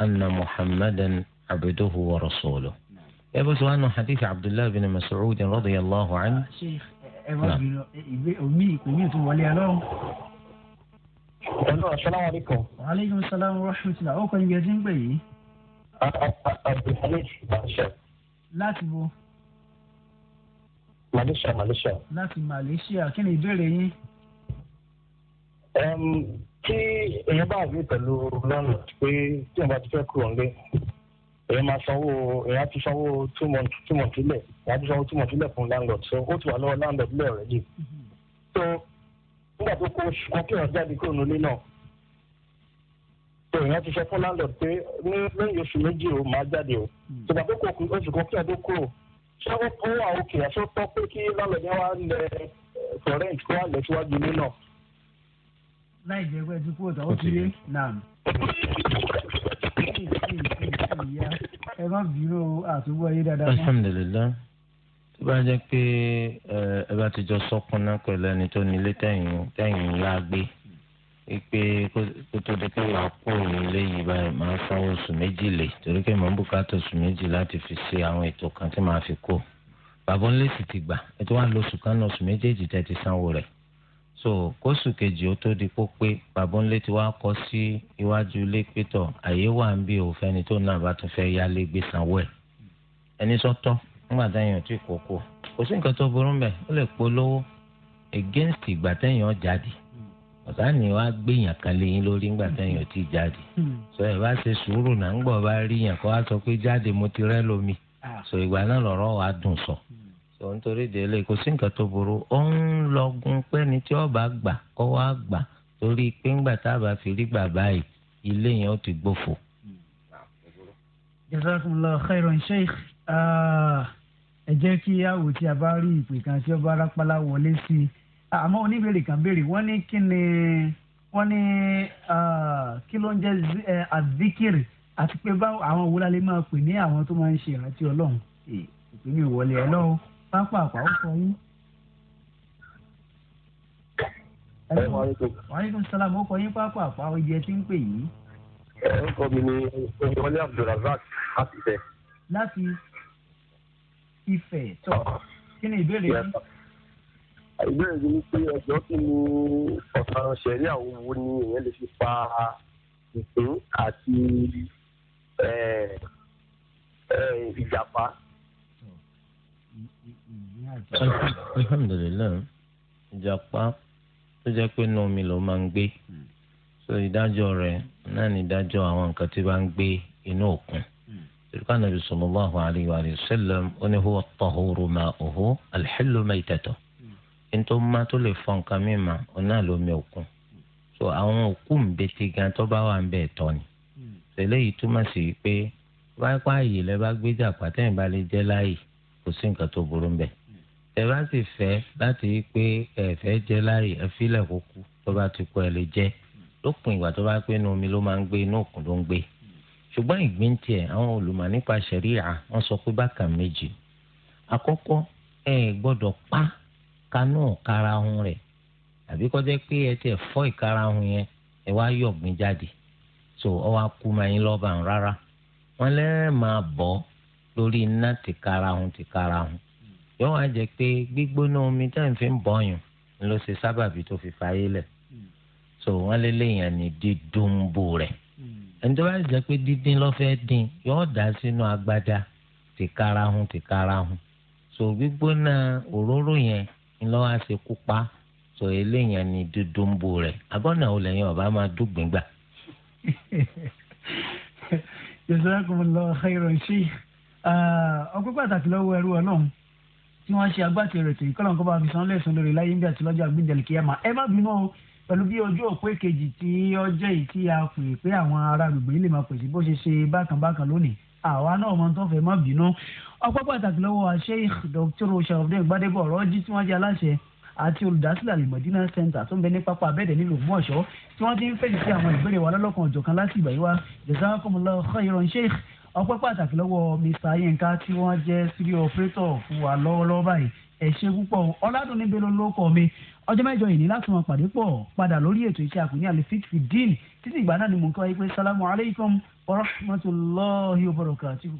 أن محمدا عبده ورسوله يبدو نعم. أن حديث عبد الله بن مسعود رضي الله عنه آه، شيخ آه، نعم. آه، السلام عليكم وعليكم السلام ورحمة الله أوكي يا جنبي عبد الحميد لا تبو معلش معلش لا Malaysia kí كان ìbéèrè tí èèyàn bá àgbé pẹ̀lú lọ́nà pé tí èèyàn bá ti fẹ́ kúrò ńlé èèyàn máa sanwó èèyàn ti sanwó two months two months sílẹ̀ èèyàn ti sanwó two months sílẹ̀ fún landlord so ó ti wà lọ́wọ́ landlord lẹ́ ọ̀rẹ́dì so nígbà tó kó oṣù kan kéèyàn jáde kúrò nílé náà so èèyàn ti sọ fún landlord pé ní lẹ́yìn oṣù méjì o máa jáde o ìgbà tó kó oṣù kan kéèyàn tó kúrò ṣé ó wà òkè àṣọ tọ́ pé kí landlord yẹn wá lẹ eh, láì jẹ́ pé dúpọ̀ tó ó ti yé náà. ẹ má bínú àtúbọ̀ yé dáadáa. alhamdulilayi tó bá jẹ́ pé ẹ bá ti jọ sọ́kùnná pẹ̀lú ẹni tó nílé tẹ̀yìn tẹ̀yìn pé kó tó di pé wàá kó nílé yìí báyìí máa sanwó oṣù méjì lè torí pé màá bùkátà oṣù méjì láti fi ṣe àwọn ètò kan tí màá fi kó bàbá ńlẹ̀ sì ti gbà ẹ tó wá lóṣù kan náà oṣù méjèèjì tẹ́ ti sanwó rẹ̀ so kóṣù kejì ó tó di kó pé bàbá ńlẹ tí wàá kọ sí iwájú ilé pétọ àyè wà ń bí òfẹni tó náà bá tún fẹ́ yálé gbé sanwó ẹ ẹni sọtọ nígbà táyàn tí kò kó kò sí nǹkan tó burú mbẹ ó lè polówó against ìgbà táyàn jáde ọ̀tá ni wàá yàn kan lé yín lórí nígbà táyàn tí jáde so ẹ bá ṣe sùúrù náà ń gbọ̀ rí yàn kó wá sọ pé jáde mo ti rẹ́ lómi ah. so ìgbà náà lọ́rọ̀ wàá dùn So. tó ń torí délé kò sí nǹkan tó burú ó ń lọgun pé ni tí ọba gbà kọ́ wá gbà torí pé ńgbà tá a bá fi rí gbà báyìí ilé yẹn ó ti gbófo. jazakumullahu khairan sheikh ẹ jẹ́ kí àwò tí a bá rí ìpè kan tí ọba arápálá wọlé sí i àmọ́ oníbèrè kan béèrè wọ́n ní kí ni wọ́n ní kí ló ń jẹ́ àdìkìrì àti pé báwo àwọn òwúrọ̀ máa pè ní àwọn tó máa ń ṣe ìrántí ọlọ́run ìpínlẹ̀ ìwọlé ọlọ́run pápá àpá ó fún yín. wàhálà sálàmù ó kọ yín pápá àpá oyè tí ń pè yìí. orúkọ mi ni oyinwọlé abdulrasaq láti Ifẹ̀. láti Ifẹ̀ tọ kí ni ìbéèrè yín. ìbéèrè yìí ni pé ọjọ́ kí ni ọ̀sán ṣẹ̀rí àwọn owó ni èèyàn lè fi pa ìpín àti ìjàpá alhamdulilayi ìjàpá tó jẹ́ pé inú omi ló máa ń gbé so ìdájọ́ rẹ̀ náà ní ìdájọ́ àwọn nǹkan tí bá ń gbé inú òkun tìrìkà nàbì sallallahu alayhi wa sallam ó ní huwa at-tahuru ma'uhu al-hillu maytatuhu nítorí má tó lè fọ nǹkan mímọ́ ọ̀nà lómi òkun so àwọn òkú ńbẹ́tẹ̀ gan tó bá wà ń bẹ̀ tọ́ ni tẹ̀lé yìí túmọ̀ sí pé wáyé pààyè lẹ́ bá gbé jà pàtẹ́yìnbá lè jẹ́ láàyè kò sí nǹkan tó burú ń ẹ bá sì fẹ́ láti rí pé ẹ fẹ́ jẹ láàyè ẹ fílẹ̀ kó kú tó bá ti kú ẹ lè jẹ lópin ìgbà tó bá pé inú omi ló máa ń gbé inú òkun ló ń gbé ṣùgbọ́n ìgbín tiẹ̀ àwọn olùmọ̀ nípa ṣẹ̀ríà wọ́n sọ pé bákan méjì àkọ́kọ́ ẹ gbọ́dọ̀ pa kanú karahun rẹ̀ àbí kọjá pé ẹ tiẹ̀ fọ́ ìkarahun yẹn ẹ wá yọ̀gbìn jáde so ọ wá kú máa yín lọ́ba rárá wọ́n lẹ́ẹ̀ máa bọ́ lórí iná tìkarahun tìkarahun yóò wá jẹ pé gbígbóná omi tá à ń fi ń bọyàn ló ṣe sábàbí tó fi fàyè lẹ̀ hmm. so wọ́n lé léèyàn ní dídùn bò rẹ̀ hmm. ẹni tó bá jẹ pé dídín ló fẹ́ dín yóò dá sínú agbada tìkarahun tìkarahun so gbígbóná òróró yẹn ń lọ́wọ́ àṣekú pa so eléyàn ni dídùn bò rẹ̀ agbọ́nà ò lẹ́yìn ọ̀bá máa dùgbìn gbà. <laughs> jazakumullahu khairan sí ah, ọpẹ́ pàtàkì lọ́wọ́ ẹrú Ọlọ́run tí wọ́n ṣe agbátẹrù ètò yìí kọ́lọ́n kó bá fi san lẹ́sùn lórí láyé nígbà tí lọ́jọ́ àgbéjẹ̀lẹ̀ kí ẹ mà ẹ má bínú o pẹ̀lú bí ojú òpó èkejì tí ọjọ́ yìí tí a pè pé àwọn ará àgbègbè yìí lè máa pèsè bó ṣe ṣe bákan bákan lónìí àwa náà mọ tó fẹ́ má bínú ọpọ́ pàtàkì lọ́wọ́ Sheikh Dr. Sharafdin Gbadebo Ọ̀rọ̀jí tí wọ́n jẹ́ aláṣẹ àti olùdásílẹ̀ alimọ̀dínà center tó ń bẹ ní pápá abẹ́ẹ̀dẹ̀ nílùú Ògbómọ̀ṣọ́ tí wọ́n ti ń fèsì sí àwọn ìbéèrè wa lọ́lọ́kan ọ̀jọ̀kan láti ìgbà yìí wá jazakumullahu khairan sheikh ọpẹ́ pàtàkì lọ́wọ́ mr yinka tí wọ́n jẹ́ studio operator fún wa lọ́wọ́lọ́wọ́ báyìí ẹ ṣé púpọ̀ ọ̀làdúnni bẹ́ẹ̀ ló ló kọ́ mi ọjọ́ mẹ́jọ yìí ní láti wọn pàdé pọ̀ padà lórí ètò iṣẹ́ àkùnrin àlefit fìdín títí ìgbà náà ni mò ń kọ́ ẹ pé sálámù aleykum wa rahmatulahi wa barakatuhu.